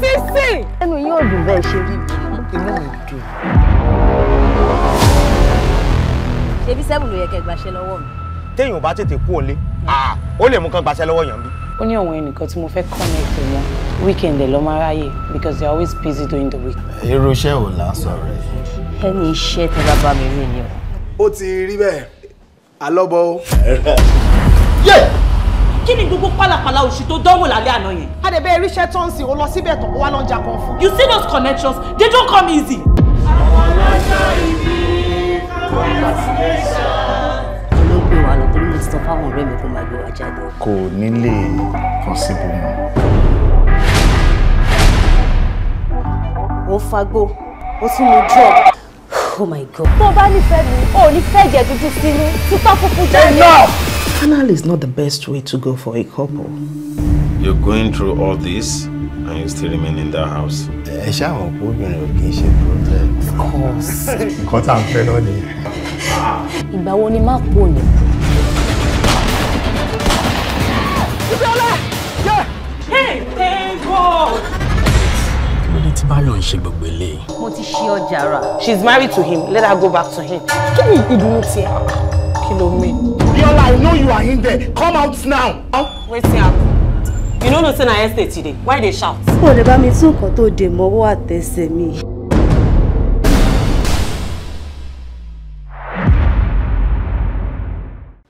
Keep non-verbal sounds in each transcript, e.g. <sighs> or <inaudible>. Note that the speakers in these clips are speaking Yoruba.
sísìn. ẹnu yín ò dùn bẹ́ẹ̀ ṣe rí inú mi dùn. ṣebí sẹ́bùn ló yẹ kẹ́ gbàṣẹ lọ́wọ́ mi. téèyàn bá tètè kú òlé ó lè mú kán gbàṣẹ lọ́wọ́ yàn bí. ó ní àwọn ẹnìkan tí mo fẹ́ connect wọn weekend ẹ̀ lọ́ máa ráyè because they are always busy during the week. irú iṣẹ́ wo là ń sọ̀rọ̀ yìí. ẹni iṣẹ́ tí bàbá mi rí ni o. ó ti rí bẹ́ẹ̀ alọ́bọ̀ ó. yẹ́ẹ̀ kí ni gbogbo pàlàpàlà òṣì tó dánwò lálẹ́ àná yẹn. adẹ̀bẹ̀ irinṣẹ́ tó ń sìn ó lọ síbẹ̀ tó wá lọ́jà kan fún. you see those connections they don't come easy. àwọn ọlọ́jọ́ ibi congratulations. olóògbé wa ló tó lè sọ fáwọn ọ̀rẹ́ mi kó máa gbé wa jáde. kò nílé kan mọ́. ó fagbó ó tún mu drug. Oh my God. tó o bá nífẹ̀ẹ́ mi ò ní fẹ́ ẹ̀jẹ̀ dúdú sínú títọ́ funfun jáde. enough. Carnal is not the best way to go for a couple. You're going through all this and you still remain in that house. Ẹ ṣáà mọ̀ pé obìnrin ò kì í Of course. Nǹkan tá à ń fẹ́ náà ni. Ìgbà ni máa pò ní? Hey! Tẹ́ńgò! ti bá lọ ń ṣe gbogbo eléyìí. mo ti married to him let her go back to him. kí me ìdùnnú tiẹ̀ kí ló mean. Abiola, I know you are in there. Come out now. oh Wait here. Ah. You no know say na estate today. Why they shout? Ó lè bá mi tún nǹkan tó dè mọ́wọ́ àtẹsẹ̀ mi.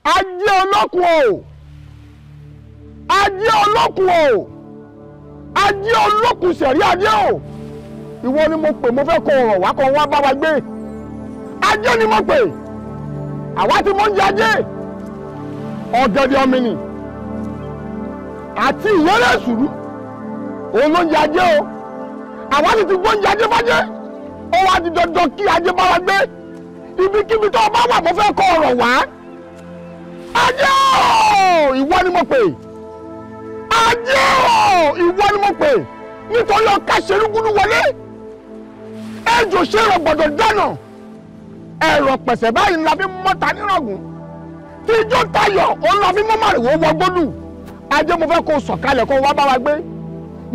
Ajé olókun o! Ajé olókun o! Ajé olókun ṣẹ̀rí ajé o! iwọ ni mo pe mo fẹ́ kọ ọ̀rọ̀ wá kan wá bá wa gbe Ajé ni mo pè! Àwa mo ń ajé. ọ̀gẹ̀dẹ̀ ọ̀mìnì àti ìwéré sùúrù òun ló ń jẹ o àwa sì ti gbóúnjẹ ajé fájé ó wá di dandan kí ajé bá wa gbé ibikíbi tó o bá wà mo fẹ́ kọ ọ̀rọ̀ wá ajé o ìwọ ni mo pè ajé o ìwọ ni mo pè nítorí ọ̀ka ṣerúgúdú wọlé ejò ṣe rọ̀gbọ̀dọ̀ dáná ẹ̀rọ pẹ̀sẹ̀ báyìí la fi mọ́ta nírọ̀gùn. tíjọ́ tayọ̀ ó lọ fí mọ́mọ́rìnwó wọgbọ́dù ajé mo fẹ́ kó sọ̀kalẹ̀ kó wá bá wa gbé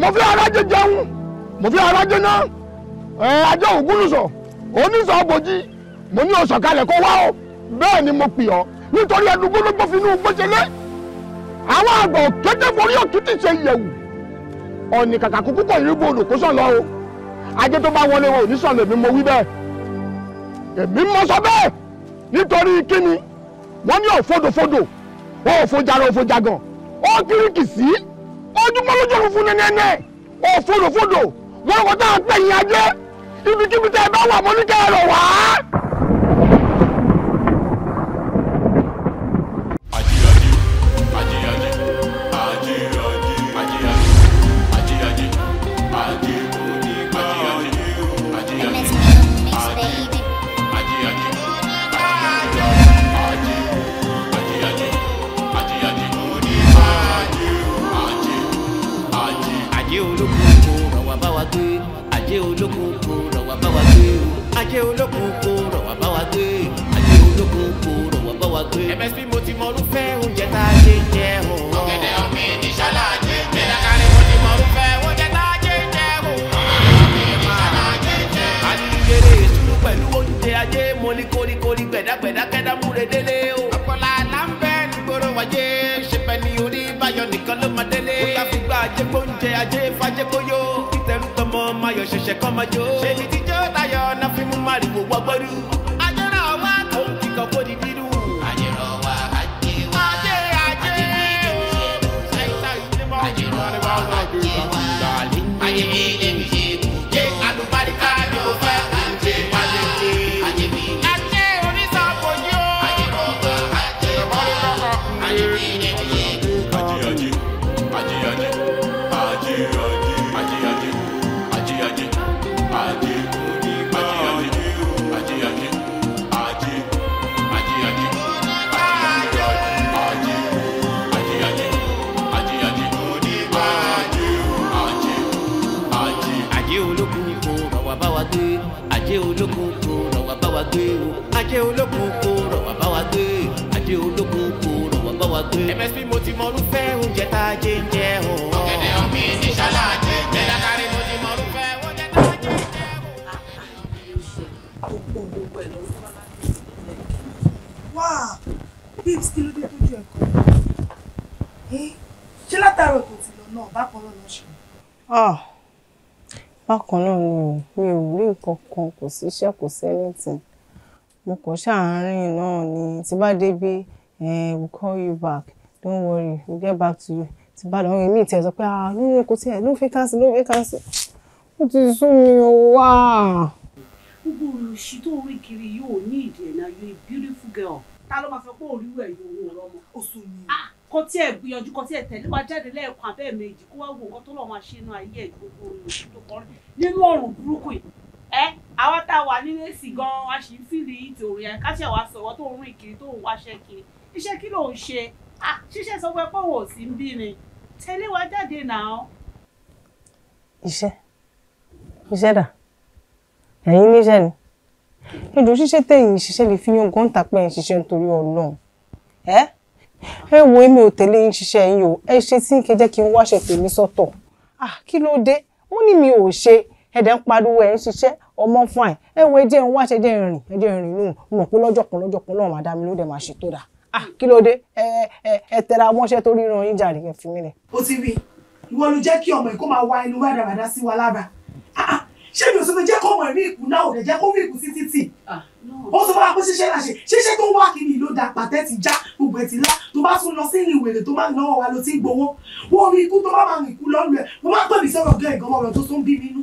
mo fi arájé jẹun mo fi arájé náà ẹ ajé o sọ̀kalẹ̀ kó ni mo ọ́ nítorí ẹnu gbólógbó àwọn àgbà òkété forí òtútù ṣe ọ̀nì kàkà kúkú ní bò olùkóṣọ̀ lọ o ajé tó bá wọlé mi mo wí bẹ́ẹ̀ èmi mọ sọ wọ́n ní òfodofodo wọ́n òfojàrọ̀ òfojàgàn ó kíríkì sí ojúmọ́ lójúmọ́ fún nẹ́nẹ́nẹ́ òfodofodo wọ́n kọ́ tá à ń pẹ̀yìn ajé ibikíbi tẹ́ ẹ bá wà mọ́ ní kẹ́ ẹ rọ̀ MSP mo ti mọ irúfẹ́ oúnjẹ tá a ṣe jẹ o. ọ̀gẹ̀dẹ̀ omi ní ṣáláàjì jẹ. ìdákàrẹ́ mo ti mọ irúfẹ́ oúnjẹ tá a ṣe jẹ o. ọ̀gẹ̀dẹ̀ omi ní ṣáláàjì jẹ. a ti ṣeré o. ọ̀pọ̀lá là ń bẹ́ nígboro ni orí báyọ̀ nìkan ló máa délé. ó yà fúgbà ajẹ́gbóúnjẹ ajé fàjẹ́gbóyó ìtẹ̀rù tọmọ máyọ̀ ṣẹ̀ṣẹ̀ kọ́ máa jó. ṣèbí tíjọ́ tayọ̀ náà fi mú màrìwò wọgbọ́rú. ajé ológun kò rọ̀ wá bá wa gbé ajé ológun kò rọ̀ wá bá wa gbé. MSP mo ti mọ irúfẹ́ oúnjẹ tá a jẹ ń jẹ o. ọ̀gẹ̀dẹ̀ ọ̀mí ní sálà jẹ́ jẹ́. lákàrí mo ti mọ irúfẹ́ oúnjẹ tá a jẹ ń jẹ o. wá bíbs kí ló dé tójú ẹ̀kọ́ ṣé látàárọ̀ tó ti lọ náà bákan náà lọ ṣe. bákan náà ni mi ò rí nǹkan kan kò síṣẹ́ kò sẹ́yìn tì mo kàn ṣàárín náà ni tí bá débi eh, we call you back don't worry we get back to you tí bá lọ́rùn mi ìtẹ̀ sọ pé ah no no kò tiẹ̀ ló fẹ́ káàsì ló fẹ́ káàsì ó ti sún mi o wá. gbogbo olùsí tó rí kiri yóò ní ìdènà you a beautiful girl ta ló máa fẹ́ kó orí rẹ̀ yóò wò lọ́mọ. ó sún mi kó tí ẹ gbìyànjú kó tí ẹ tẹ̀lé wa jáde lẹ́ẹ̀kan abẹ́ẹ̀ kó wá wo nǹkan tó lọ́ọ́ máa ṣe inú ayé ẹ̀ gbogbo olùsí tó kọ́ nínú ọ̀rùn burúkú yìí ẹ àwa tá a wà nílé sí gan-an a sì ń fìlì ìtòrò yẹn káṣẹ̀ wá sọ̀rọ̀ tó ń rìn kiri tó ń wáṣẹ́ kiri iṣẹ́ kí ló ń ṣe ṣíṣe sọ pé pọ̀wọ̀ sí ń bí ni tẹ́lẹ̀ wá jáde náà. iṣẹ́ iṣẹ́ dà ẹ̀yin níṣẹ́ ni ìjọ ṣíṣe tẹ̀yìn ṣiṣẹ́ lè fi yan gọ́ǹtà pé ẹ̀ ń ṣiṣẹ́ nítorí ọlọ́run ẹ ẹ wo èmi ò tẹ̀lé yín ṣiṣẹ́ yín o ẹ ṣe tí kẹjẹ́ kí n wáṣẹ̀ tèmi sọ́tọ̀ ah kí ló dé wọ́n ní mi ò ṣe ẹ̀dẹ̀ ń pariwo ẹ̀ ń ṣiṣẹ́ ọmọ fún ẹ̀ ẹ̀ wo ẹjẹ́ ń wá ṣe ẹjẹ́ ń rìn ẹjẹ́ ń rìn lóhùn mo mọ̀ pé lọ́jọ́ kan lọ́jọ́ kan lọ́wọ́ máa ló dẹ̀ máa ṣe tó dà ah kí ló dé ẹ ẹ ẹ tẹra mọ́ṣẹ́ torí ran yín jàre ẹ fi mí lẹ̀. o ti rí ìwọ ló jẹ́ kí ọmọ yìí kó máa wá inú rádaràdá sí wa lára ṣé mi ò sọ pé jẹ́ kó ọmọ rí ìkú náà ò lè jẹ́ kó rí ìkú sí títì ó sọ fún wa pé ṣíṣe là ṣe ṣíṣe tó wá kí ló da pàtẹ́ ti já gbogbo ẹ̀ ti lá tó bá tún lọ sí ìrìn ìwèrè tó máa ń náwó wa ló ti ń gbowó wọ́n rí ikú tó bá máa rìn ikú lọ́rùn ẹ̀ mo máa ń pè mí sọ̀rọ̀ gẹ́ ìgbọ́mọ̀ ọ̀rọ̀ tó tún bí mi nú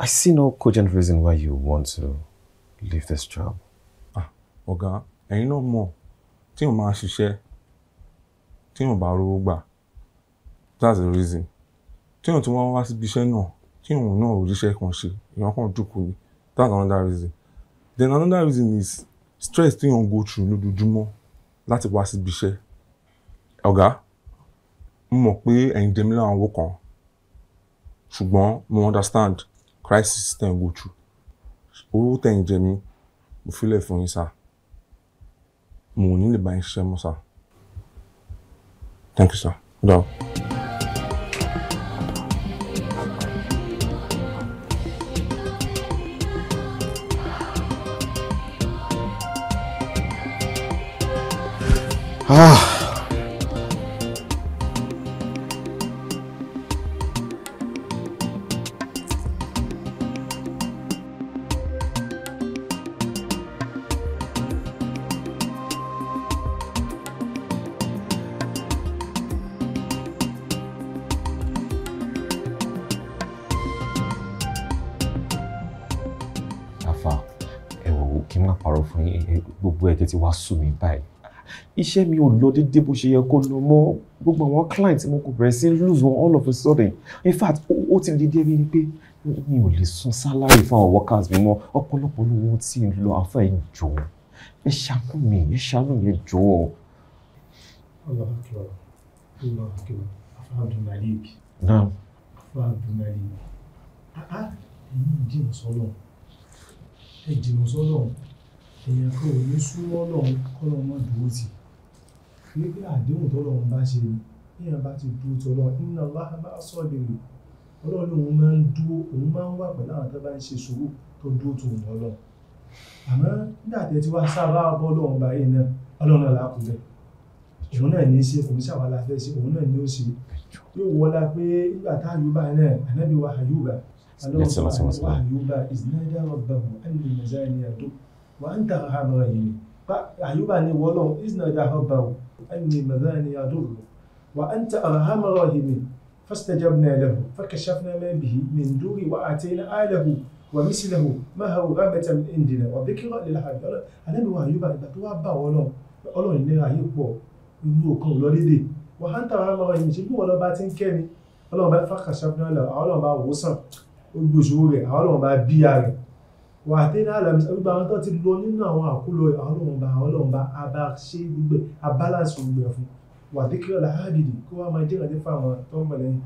I see no cogent reason why you want to leave this job. Ah, ọ̀gá, And you know more. mo máa ṣiṣẹ́ tí mo bá rówó gbà that's the reason tí mo ti wá wá no. iṣẹ́ náà tí mo náà ò ríṣẹ́ kan ṣe ìyẹn kan that's another reason then another reason is stress Thing mo go through lójoojúmọ́ láti wá síbi iṣẹ́ ọ̀gá mo mọ̀ pé ẹ̀yin dẹ́mi láwọn owó kan ṣùgbọ́n mo understand crisis tẹ̀ ń go through owó tẹ̀ ń jẹ mí mo filẹ̀ fún yín sá mo ò ní lè bá yín ṣiṣẹ́ mọ́ sá thank you sir dáhùn. Ah. ti wá sú mi báyìí iṣẹ́ mi ò lọ déédéé bó ṣe yẹ kó lọ mọ́ gbogbo àwọn client mo kò bẹ̀rẹ̀ sí lose wọn all of a sudden in fact ó ti di débi ni pé mi ò lè san salary fáwọn workers mi mọ́ ọ̀pọ̀lọpọ̀ ló wọ́n ti lọ afẹ́ ìjọ ẹ ṣàánú mi ẹ ṣàánú mi ẹ jọ̀ọ́. Allahu akbar Allahu akbar afa naam. afa abdulmalik. ah ah èyí ẹ jìnnà sọ́lọ̀ èèyàn kan ò ní súnmọ́ lọ́hún kọ́lọ́ mọ́ dúró tì wípé àdéhùn tọ́lọ́hún bá ṣe èèyàn bá ti dúró tọ́lọ́ iná lábá sọ́ọ̀dẹ̀rẹ̀ ọlọ́run òun máa ń dúró òun máa ń wà pẹ̀lú àwọn tó bá ń ṣe sùúrù tó dúró tó wọ́n lọ àmọ́ nígbà tí ẹ ti wá sábà bọ́ lọ́hún báyìí náà ọlọ́run náà lákùnbẹ̀ òun náà ní í ṣe òun ṣàwà la ṣe òun náà ní ó ṣe yóò wọlá pé nígbà tá àyùbá náà ànábì àyùbá alọ́ wa àyùbá ìsìnàdà ọgbà wọn ẹni nàìjíríà ni àdó wà ń tàn hàn mọ́ yìí àyùbá ni wọ́lọ́ ìsìn náà dáhọ́ bá o ẹni mẹ́ta ni adúrú wà ń tàn hàn mọ́ yìí فاستجبنا له فكشفنا ما به من دور وآتينا آله ومثله معه رحمة من عندنا وذكرى للعابدين ànábì wa àyùbá ìgbà tó wá bá Ọlọ́run Ọlọ́run ìnira yìí pọ̀ inú òkan lọ dédé wọ́n á ń tàwọn ọmọ ẹ̀yìn ṣe bí wọ́n lọ bá ti ń kẹ́ni Ọlọ́run bá fàkàṣà fún ọlọ́run àwọn ọlọ́run bá wòsàn ó gbòṣòwò rẹ̀ àwọn ọlọ́run bá bíyà rẹ̀ wàdínà àlàmì gbogbo àwọn tó ti lọ nínú àwọn àkúlò ọlọ́mọba ọlọ́mọba abá ṣe gbogbo abálàṣe gbogbo ẹ̀ fún wàdíkì ọ̀la ábìdì kó wá máa jẹ́rìí nípa àwọn tó ń bọ̀ lẹ́yìn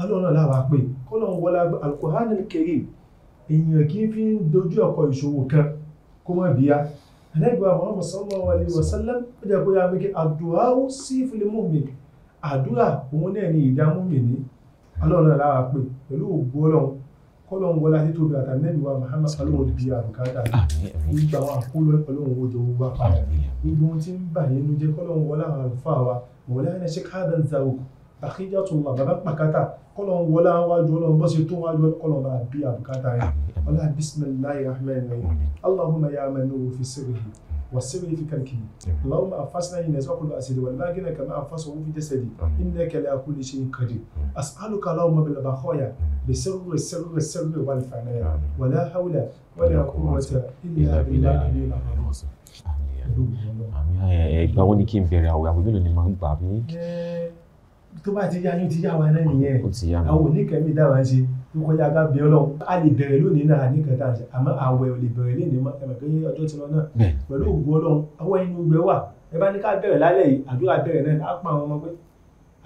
alọ́nà làwà pé kọ́lọ̀ ń wọlá alukóhánì kéré èèyàn kì í fi ń dojú ọkọ̀ ìṣòwò kan kó mọ̀ bíyà ẹlẹ́gbẹ̀ẹ́ àwọn ọmọ sọ́mọ́ wa ní wọ́sálẹ́m ó jẹ́ pé yàgbé kí àdúrà ó sí fílímù mi àdúrà òun náà ní ìdààmú mi ní alọ́nà làwà pé pẹ̀lú ògbó ọlọ́run kọ́lọ̀ ń wọlé àtẹ́tò bíi àtàlẹ́bí wa Muhammad alóhùn ti bíi àbùkátà nígbà wọn àkólọ́ ọlọ́run ojò gbogbo apáyà gbogbo ohun tí ń bà yẹn nu jẹ́ kọ́lọ̀ ń wọlé àwọn àlùfáà wa wọlé àwọn ẹ̀ṣẹ́ káàdà ń ta òkú àkíjà tó wà bàbá pàkátà kọ́lọ̀ ń wọlé àwọn wájú ọlọ́run bọ́ sí tó wájú kọ́lọ̀ bá bíi àbùkátà yẹn ọlá bisimilayi rahman rahim allahumma ya amanu fi sirrihi والسر في كركه اللهم أنفسنا إن يزعقنا أسير والباقين كما أنفسه في جسدي إنك على كل شيء قدير أسألك اللهم بالبخايا بسر السر السر والفنايا ولا حول ولا قوة إلا بالله ìgbà wo ni kí n bẹ̀rẹ̀ àwẹ̀ àwẹ̀ mélòó ni màá ń gbà mí. tó bá ti yá yín ti yá wa náà nìyẹn àwọn oníkẹ́mi dá wa ṣe ń kọjá ká bí ọlọ́run a lè bẹ̀rẹ̀ lónìí náà ní kẹta àṣà àmọ́ àwẹ̀ ò lè bẹ̀rẹ̀ lónìí mọ́ ẹ̀mọ̀ pé ọjọ́ ti lọ náà pẹ̀lú ògùn ọlọ́run ọwọ́ inú gbẹ wà ẹ bá ní ká bẹ̀rẹ̀ lálẹ́ yìí àdúrà bẹ̀rẹ̀ náà á pa àwọn ọmọ pé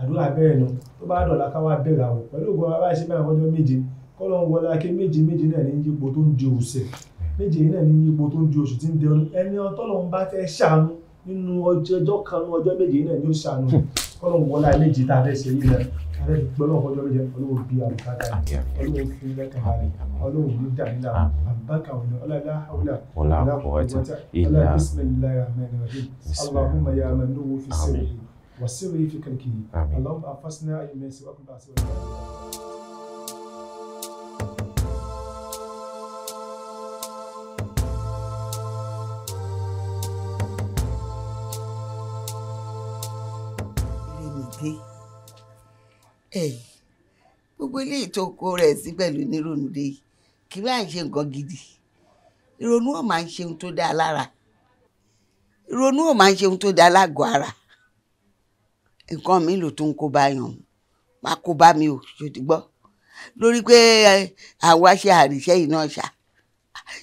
àdúrà bẹ̀rẹ̀ nu tó bá dọ̀la ká wá bẹ̀rẹ̀ àwẹ̀ pẹ̀lú ògùn ọlọ́run abáṣe bẹ̀rẹ̀ ọjọ́ méje kọ́lọ́run wọlé aké méje méje náà ní yípo tó ń di òsè méje náà ọlọ́run ti gbọ́ lọ́wọ́ ọjọ́ lójẹ ọlọ́run bí àbùkádà ọlọ́run fún lẹ́kàn rẹ̀ ọlọ́run ní dàmílà àbákà ọ̀nà ọlọ́lá àwùlà ọlọ́run kọ̀ọ̀tà ọlọ́run bísímẹ́lì اللهم يا من له في السر والسر في كلكه اللهم أفسنا أي من سواك gbogbo ilé ìtòkò rẹ̀ sí pẹ̀lú nírònú dé kí láì ṣe nǹkan gidi ìrònú ò máa ń ṣe ohun tó dáa lára ìrònú ò máa ń ṣe ohun tó dáa lágọ̀ọ́ ara nǹkan mi ló tún kó bá yàn má kó bá mi ò ṣòtí gbọ́ lórí pé àwa ṣe àríṣẹ́ yìí náà ṣá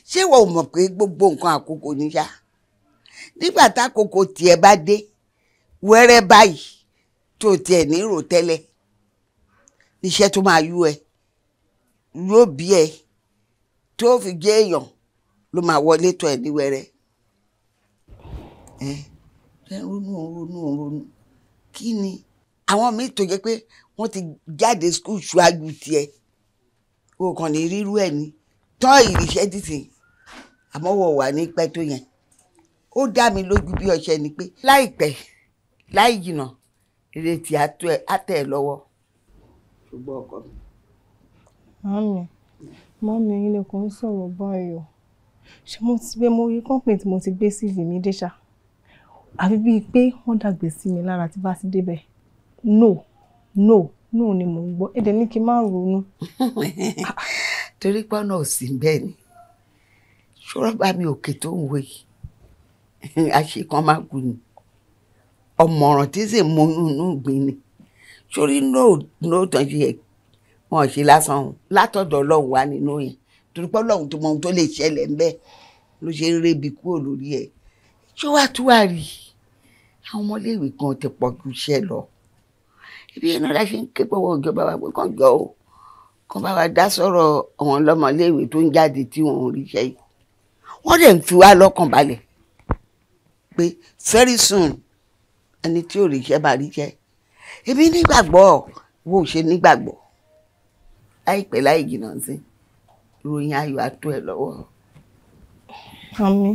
ṣé wọ́n mọ̀ pé gbogbo nǹkan àkókò ní ṣá nígbà tákòókò tiẹ̀ bá dé wẹ́rẹ́ báyìí tó tiẹ̀ ní rò iṣẹ́ tó máa yú ẹ yóò bí ẹ tó fi jẹ́ èèyàn ló máa wọlé tọ̀ ẹ́ ní wẹ́rẹ́ ẹ ronú ronú ronú kí ni àwọn míì tó jẹ́ pé wọ́n ti jáde skul ṣáájú tiẹ̀ o kàn ní rírú ẹ̀ ni tán ìrìṣẹ́ títì àmọ́ wọ̀ wà ní pẹ́ tó yẹn ó dá mi lójú bí ọṣẹ ni pé láìpẹ́ láì jìnnà ìrètí àtẹ lọ́wọ́ ṣùgbọ́n ọkọ mi. mọ́mí mọ́mí ẹ̀yin lè kàn ń sọ̀rọ̀ báyìí o ṣé mo ti gbé mo rí kọ́ńpìn tí mo ti gbé sí ìlú mi déjà àfi bíi pé wọ́n dàgbé sí mi lára tí bá ti débẹ̀ no no no ni mò ń gbọ́ ẹ̀dẹ̀ ní kí n má ronú. <laughs> torí pọ́nà ò sí bẹ́ẹ̀ ni ṣọ́rọ́bà mi òkè tó ń wé àṣekàn má gùn ni ọ̀mọ̀ràn tí sì mú inú gbin ni sórí nóò tán ṣe yẹ wọn ṣe lásán látọ̀dọ̀ ọlọ́run wá nínú yẹn torí pé ọlọ́run tó mọ ohun tó lè ṣẹlẹ̀ ń bẹ́ẹ̀ ló ṣe ń rébi kúrò lórí ẹ̀ ṣé wàá tú wàá rí àwọn ọmọléèwé kan ti pọ̀ ju iṣẹ́ lọ ibi yẹn náà la ṣe ń ké pọ̀wọ́ ìjọba wa pé kàn jọ o kàn bá wa dá sọ̀rọ̀ àwọn ọlọ́mọléèwé tó ń jáde tí wọ́n ń ríṣẹ́ yìí wọ́n dẹ̀ ń fi wá lọ́kàn balẹ̀ pé very soon ẹni tí ò ríṣẹ́ bá ríṣẹ́ èmi nígbàgbọ́ wo ò ṣe nígbàgbọ́ láìpẹ́ láì jìnnà sí ìròyìn ayọ̀ àtó ẹ̀ lọ́wọ́. àmì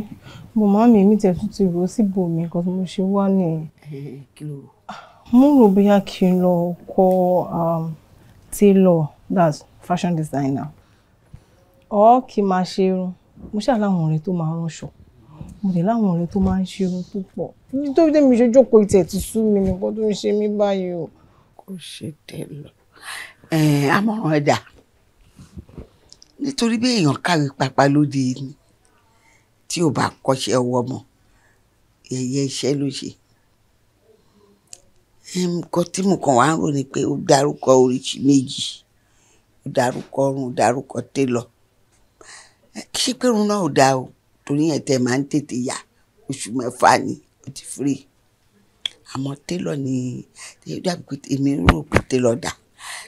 mo máa mi mi tẹ̀sùn ti rò síbò mi nǹkan tí mo ṣe wá nìyẹn. mo rò bóyá kí n lọ kọ́ um, tailor that's fashion designer or kí n máa ṣe irun mo ṣáà láwọn ọ̀rẹ́ tó máa ránṣọ mo dẹ̀ láwọn ọ̀rẹ́ tó máa ń ṣe irun tó pọ̀ nítorí tẹ́mi ṣe jókòó ìtẹ̀ ti sú mi nìkan tó ń ṣe mí báyìí o. kò ṣe tẹ̀lọ àmọ̀ràn ẹ̀dà nítorí bí èèyàn kàwé pàpà lóde ni tí ò bá kọ́ṣẹ́ ọwọ́ mọ́ ẹ̀yẹ iṣẹ́ ló ṣe nǹkan tí mo kàn wá ń rò ni pé ó dárúkọ oríṣi méjì ó dárúkọ ọrùn ó dárúkọ télọ̀ ṣé pé irun náà ò dáa o torí yẹn tẹ máa ń tètè yá oṣù mẹ́fà ni ó ti free àmọ́ télọ̀ ni èmi rò pé télọ̀ dà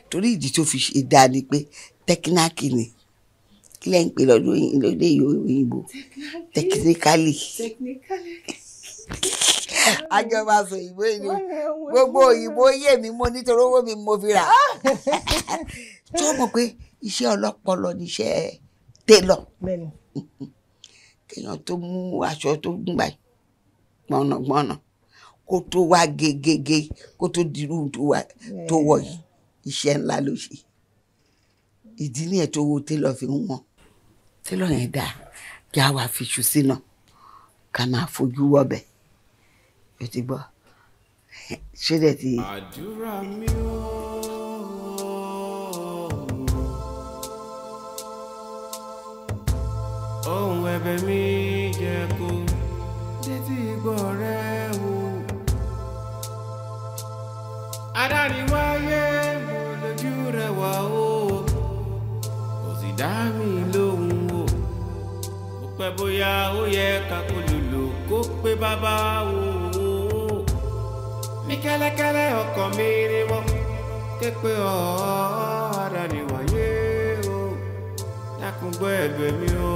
torí ìdí tó fi ṣe dáa ni pé tẹkínákì ni kí lẹ́yìn pé lọ́dún lóde òyìnbó tẹkíníkálì àjọba sọ òyìnbó ìlú gbogbo òyìnbó yé mi mo nítorí owó mi mo fi rà tó <laughs> mọ̀ pé iṣẹ́ ọlọ́pọlọ níṣẹ́ télọ̀ kéèyàn tó mú aṣọ tó gùn báyìí gbọ̀nàgbọ̀nà kó tó wá gegege kó tó dirú tó wọ̀ yìí iṣẹ́ ńlá ló ṣe ìdí nìyẹn tó wo télọ̀ fi ń wọ̀n télọ̀ yẹn dáa kí a wá fi ṣu sínà ká máa fojú wọ̀bẹ̀ yóò ti gbọ́ ṣé dẹ̀ ti. àdúrà mi ò. ẹ̀bẹ̀ mi jẹ́ kó títí gbọ́ rẹ wò. adániwáyé mo lójú rẹ wá o kò sì dá mi lóhùn o mo pẹ́ bóyá ó yẹ ká kó lòlò kó pé bàbá o. mi kẹ́lẹ́kẹ́lẹ́ ọkàn mi ni wọ́n ké pé ọ̀ adániwáyé o dákun gbọ́ mi o.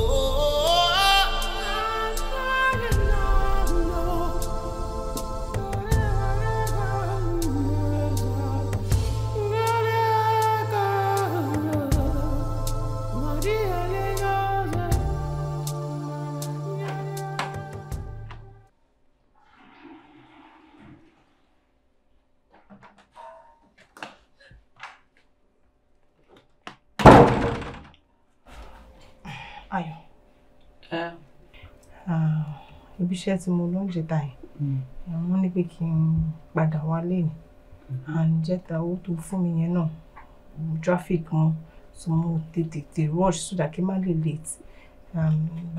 níbi iṣẹ́ tí mo lọ ń jẹta yẹn hmm. wọ́n ní pé kí n padà wálé ni àǹjẹta hmm. owó tó fún mi yẹn náà traffic wọn so mo tètè rush so that kí n má lè late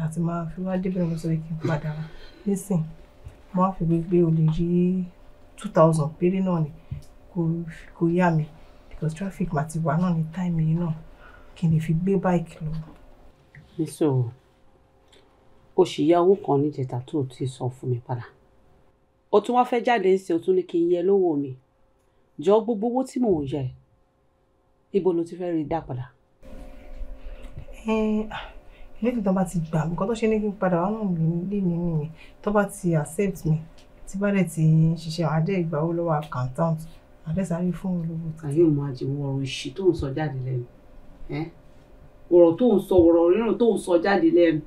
àti máa fi wá débẹ̀ lọ sọ́dọ̀ kí n padà wá nísìn mo wá fi gbé o lè rí two thousand péré náà ni kò yá mi because traffic màá ti wà náà ní táìmì yìí náà kí n lè fi gbé báìkì lọ. nísòwò o sì ya owó kan níjẹta tó ti sọ fún mi padà o tún wá fẹ́ jáde ń sin o ní kí n yẹ lówó mi jọ gbogbo owó tí mò ń yẹ ibo ló ti fẹ́ rí i dá padà. ilé tí tọ́ba ti gbà nǹkan tó ṣe ní kí n padà wà náà lè ní nìyẹn tọ́ba ti accept mi tí bá ti ń ṣiṣẹ́ àdé ìgbàwó lọ́wọ́ accountant àdé fún olówó. àyè mo àjẹmọ ọ̀rọ̀ ìṣí tó ń sọ jáde lẹ́nu ọ̀rọ̀ tó ń sọ ọ̀rọ̀ rírùn tó ń sọ jáde lẹ́nu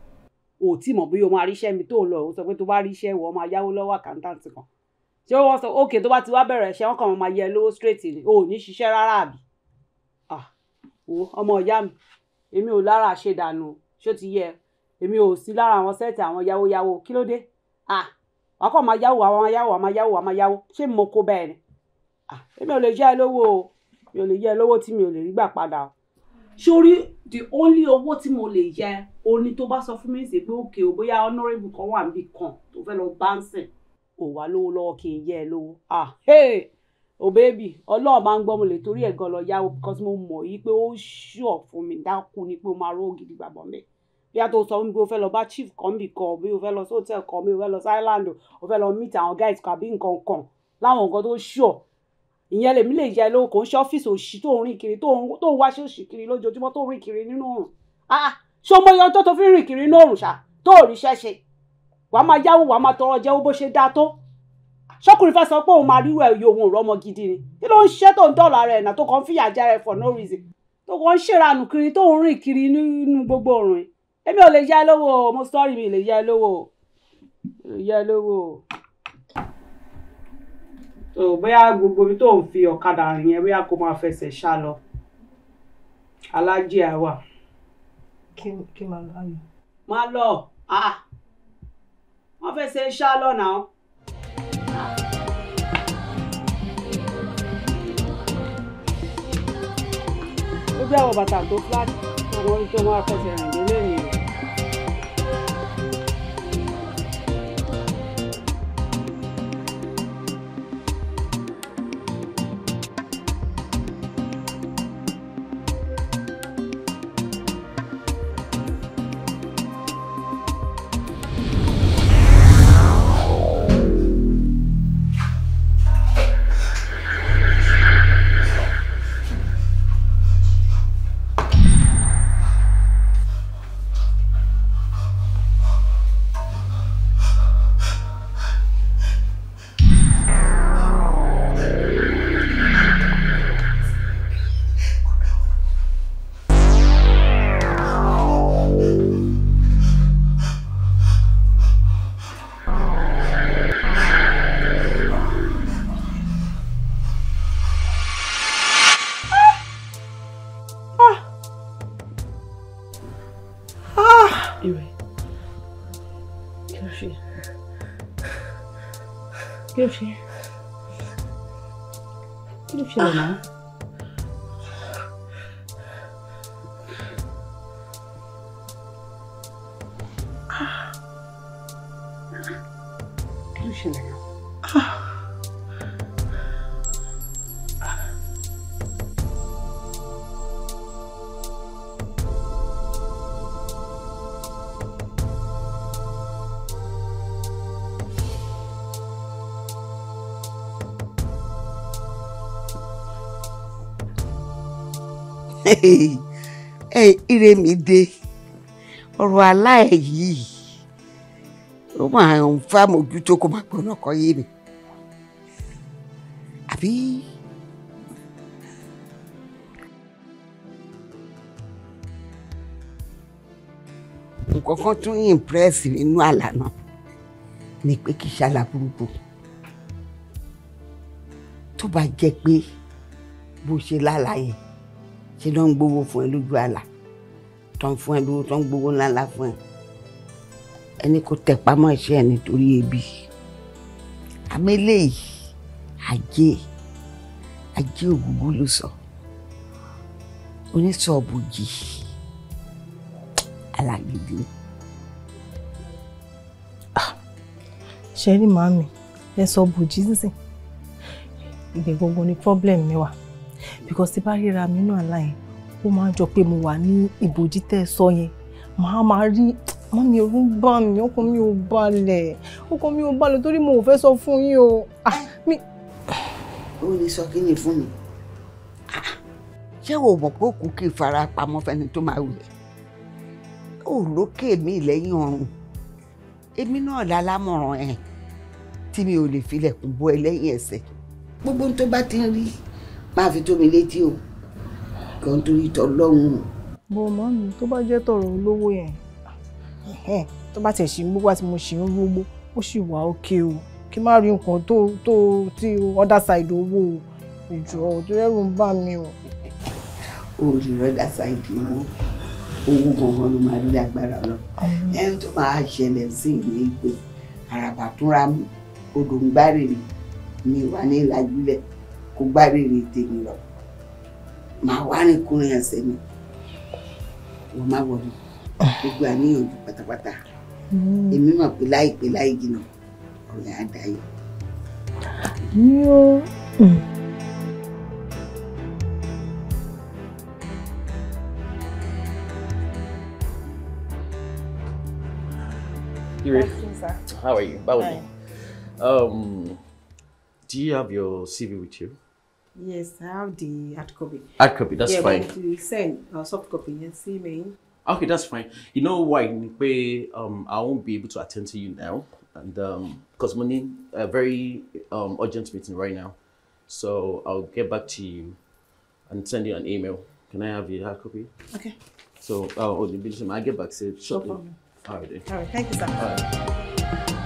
o ò tí mọ̀ bóyá o máa ríṣẹ́ mi tó lọ o sọ pé tó bá ríṣẹ́ ìwọ máa yáwó lọ́wọ́ àkántàǹtì kan ṣé wọ́n sọ ok tó bá ti wá bẹ̀rẹ̀ ṣẹ́ wọ́n kàn máa yẹ lówó straight ni o ò ní ṣiṣẹ́ rárá àbí wo ọmọ ìyá mi èmi ò lára ṣe dànù ṣó ti yẹ èmi ò sí lára àwọn sẹ́ẹ̀tì àwọn yáwóyáwó kí ló dé ah wàá kọ́ máa yáwó àwọn yáwó àwọn yáwó àwọn yáwó ṣé mo kó bẹ́ẹ̀ ni ah èmi ò lè yá ẹ lówó o mi ò lè yá ẹ lówó tí mi ò lè rí gbà padà o sórí the only owó tí mo lè yẹ oní tó bá sọ fún mi ṣe pé òkè o bóyá honourable kan wà níbi kan tó fẹ́ lọ báńsìn kò wá lówó lọ́wọ́ kí n yẹ ẹ lówó ah hey o oh baby ọlọ́run máa ń gbọ́ mo lè torí ẹ̀ gan lọ yáwó because mo mọ̀ yí pé ó ṣùọ̀ fún mi dákú ni pé ó máa rówó gidi gbàgbọ́ mẹ́ bí a tó sọ fún mi pé o fẹ́ lọ bá chief kan bì kan bí o fẹ́ lọ sí hotel kan bí o fẹ́ lọ sí island o fẹ́ lọ meet àwọn guys kan àbí nǹkan kan láwọn nǹkan tó ṣùọ̀ ìyẹn lèmi lè ya lówó kò ń ṣe ọ́fíìsì òṣì tó ń rìn kiri tó ń wáṣẹ́ òṣì kiri lójoojúmọ́ tó ń rìn kiri nínú òrùn ah, ah ṣé mo yan tó tó fi rìn kiri nínú òrùn ṣá tó ò ríṣẹ́ ṣe wàá máa yáwó wàá máa tọrọ jẹ́wó bó ṣe dáa tó ṣọkùnrin fẹ́ sọ pé òun máa ríru ẹ̀yọ òun rọ́mọ gidi ni kí ló ń ṣe tó ń dọ̀là rẹ̀ nà tó kàn ń fìyà jẹ rẹ̀ for no reason tó kàn ń ṣèrànù kiri kiri nínú gbogbo òrùn yìí èmi ò lè yá ẹ mi lè yá ẹ lówó lè so bóyá gbogbo ibi tó ń fi ọ̀kadà rìn yẹn bóyá kó máa fẹsẹ̀ ṣá lọ alájẹ àwa. kí máa lọ ayò. máa lọ wọ́n fẹsẹ̀ ṣá lọ náà. ó bí àwọn bàtà tó fúláàtì àwọn oníṣòwò máa fẹsẹ̀ rìn. ire mi dé ọ̀rọ̀ aláẹ̀ yìí ó máa ń fa mojútó kó máa gbóná kọ yé mi àbí. nǹkan kan tún impress nínú àlá náà ni pé kì í ṣàlà burúkú tó bá jẹ́ pé bó ṣe lálàá ṣe ló ń gbowó fún ẹ lójú àlà tó ń fún ẹ lówó tó ń gbowó ńláńlá fún ẹ ẹni kò tẹ pamọ́ iṣẹ́ ẹ nítorí ebi àmọ́ eléyìí ajé ajé ògúngún ló sọ oníṣọ́ọ̀bùjì alágídí. Ah, ṣe rí màmí ẹ sọ bùjí sísìn ibẹ̀ gbogbo ni problem mi wà because tí bá ríra mi náà láì ó máa ń jọ pé mo wà ní ìbòjì tẹ́ ẹ sọ yẹn màá máa rí mọ́ mi ò ń bá mi ọkàn mi ò balẹ̀ ọkàn mi ò balẹ̀ torí mo ò fẹ́ sọ fún yín o. ó lè sọ kí ni fún mi ṣé o mọ̀ pé òkú kì í fara pamọ́ fẹ́ni tó máa wulẹ̀ ó lókè mi lẹ́yìn ọ̀run èmi náà lálámọ̀ràn ẹ̀ tí mi ò lè filẹ̀kùn bọ́ ẹ lẹ́yìn ẹsẹ̀. gbogbo tó bá ti ń rí máa fi tó mi létí o kí wọ́n torí tọ́ lọ́hùn. bó o mọ̀ mi tó bá jẹ́ tọ̀rọ̀ olówó yẹn tó bá tẹ̀ sí ń gbógbá tí mo ṣì ń rúgbó ó sì wà ókè o kí má rí nǹkan tó tó ti other side owó o ìjọ tó ẹrù ń bà mí o. o lè other side owó owó gangan ló máa rí agbára lọ ẹni tó máa ṣẹlẹ̀ sí ìlú ìgbé àràbà tó ra mú odò ń gbárèrè mi wà ní ìlàjúlẹ̀ kó gbárèrè tèmi lọ màá wá rìn kúrin ẹsẹ̀ mi wọ́n má wọlé gbogbo àníyànjú pátápátá hmm. èmi mọ̀ pé láìpẹ́ láì jìnnà ọ̀rẹ́ àdáyé. Hmm. How are you? Um, do you have your CV with you? Yes, I have the hard copy. Hard copy, that's yeah, fine. Yeah, but send uh, soft copy and see me. Okay, that's fine. You know why? um, I won't be able to attend to you now, and um, because we a very um urgent meeting right now, so I'll get back to you and send you an email. Can I have your hard copy? Okay. So, uh, oh, some. I'll get back to you shortly. No problem. All right. All right. Thank you, sir. All right.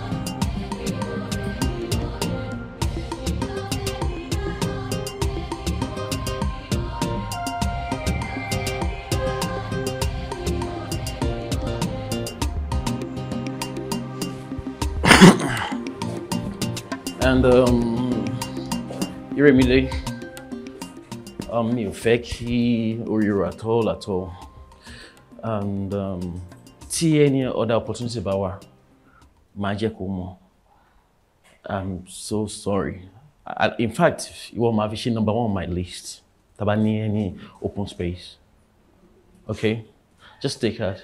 and um, Iremile um, mi ò fẹ́ or you at all at all and see um, any other opportunity bá wà máa i'm so sorry I, in fact ìwọ máa my vision number one on my list tá bá any open space okay just take her.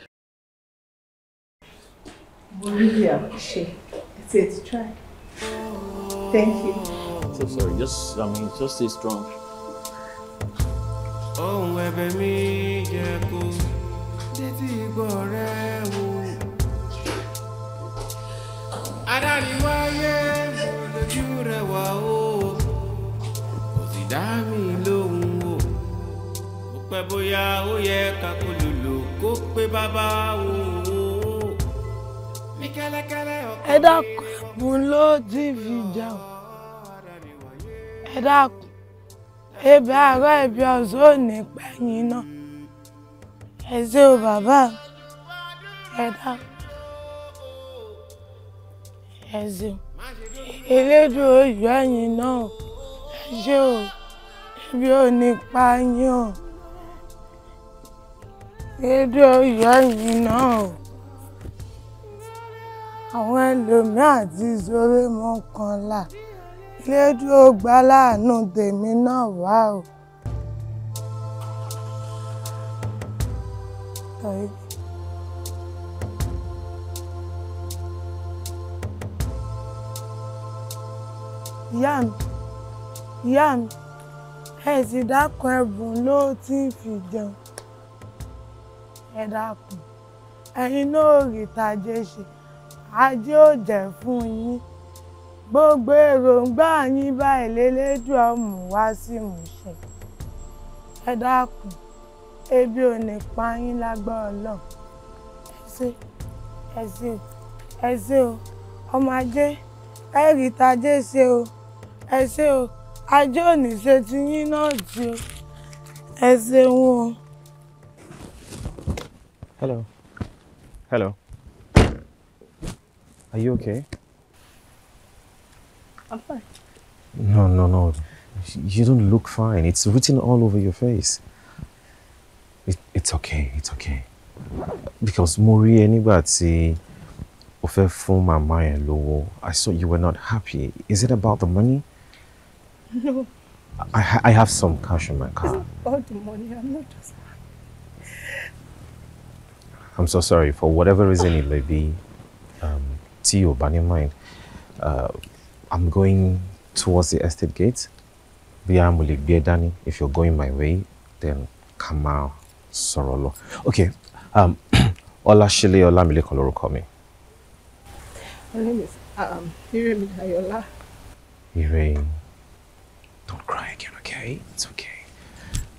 Bolivia, she, it's it, try. Thank you. So sorry. Just, I mean, just stay strong. Oh, ẹ̀bẹ̀ mi jẹ́ kó títí ìgbọ́ rẹ̀ wò. Adániwáyé lójú rẹ̀ wá o, kò sì dá mi lóhùn o. Ó bóyá ó yẹ ká kó lòlò kó pé bàbá wò o. Mi ọkọ ògùn ló ti fi jà ó ẹ dákun ebi àárọ̀ ebi ọ̀sán ò ní pẹ́yìn náà ẹ ṣé o bàbá ẹ dákun ẹ ṣé o náà ẹ o ebi ò ní o elédùn òyò ẹ̀yìn náà àwọn ẹlòmíà ti ṣoore mọ́kànlá ilédùn ògbà láàánú tèmi náà wá o. Thank you. ìyá mi ìyá mi ẹ sì dákun ẹbùn ló ti fi jẹun ẹ dákun ẹ̀yin náà rí tàjẹ ṣe ajé ò fún yín gbogbo èròǹgbà yín báyìí lélẹ́dùn ọmọ wá sí ìmúṣẹ ẹ dákun ebi ò ní pa yín lágbára Ọlọ́run ẹ ṣé o ẹ ṣé o ọmọ ajé ẹ rí tajé ṣe o ẹ ṣé o ajé ò ní ṣe ti yín náà jù o ẹ ṣeun o. hello hello. Are you okay? I'm fine. No, no, no. You don't look fine. It's written all over your face. It, it's okay, it's okay. Because Mori, anybody, Ofe fún màmá yẹn lówó. I saw you were not happy. Is it about the money? No. I, I have some cash in my car. It's about the money. I'm not just. I'm so sorry. For whatever reason it may be, um, T or Banyan uh, I'm going towards the estate gate. if you're going my way, then come out, Sorolo. Okay, um, <clears throat> Ola Shile Olamile lorúkọ Kome. My name is um, Irene Ayola. Irene, don't cry again, okay? It's okay.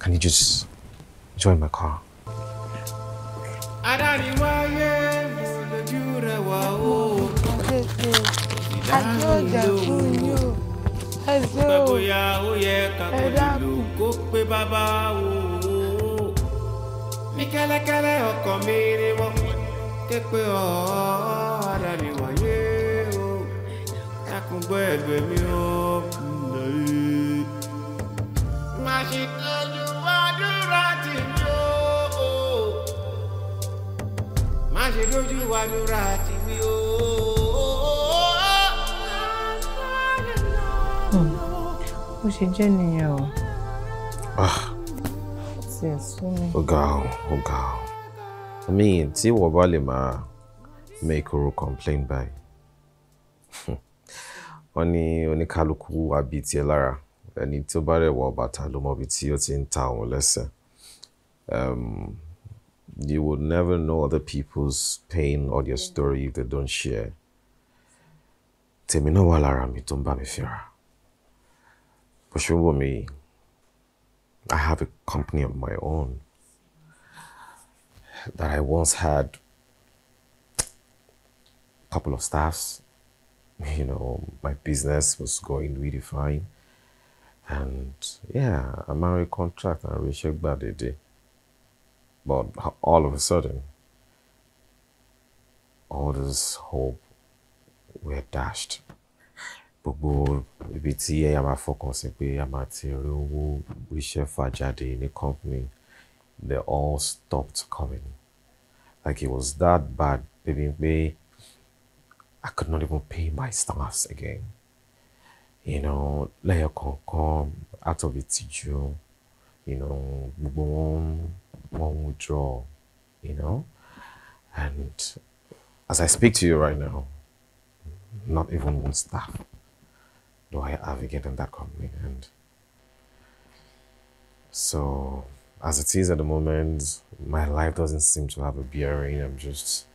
Can you just join my car? Wao. tètè àti ọjà fún yín o ẹ ṣe o bóyá ó yẹ kakọ lò kó pé bàbá o mi kẹ́lẹ́kẹ́lẹ́ ọkàn mi ni wọ́n ké pé ọ̀ọ́ ara mi wáyé o dákun gbọ́ ẹ̀bẹ̀ mi o. ṣe jẹ́ nìyẹn o. Ah. ti ẹ̀ sún mi. ó i mean tí ìwọ bá lè máa make oru complain by. <laughs> wọ́n ní oníkálukú àbí tiẹ̀ lára ẹni tó bá rẹ̀ wọ bàtà ló mọ̀ bí tí ó ti ń ta òun lẹ́sẹ̀. Um, you will never know other people's pain or their story if they don't share. Tèmi náà wà lára mi tó ń bá mi fínra. me. I have a company of my own that I once had a couple of staffs. You know, my business was going really fine. And yeah, I married contract and Richard day. But all of a sudden, all this hope were dashed. gbogbo ibi tí a máa fọkàn sí pé a máa ti rí owó iṣẹ́ fà jáde ní company they all stopped coming like it was that bad débi pé I could not even pay my staffs again you know lẹ́yọ̀ kọ̀ọ̀kan out of ìtìjú you know gbogbo wọn wọn withdraw you know and as I speak to you right now not even one staff. I have again in that company? And so, as it is at the moment, my life doesn't seem to have a bearing. I'm just,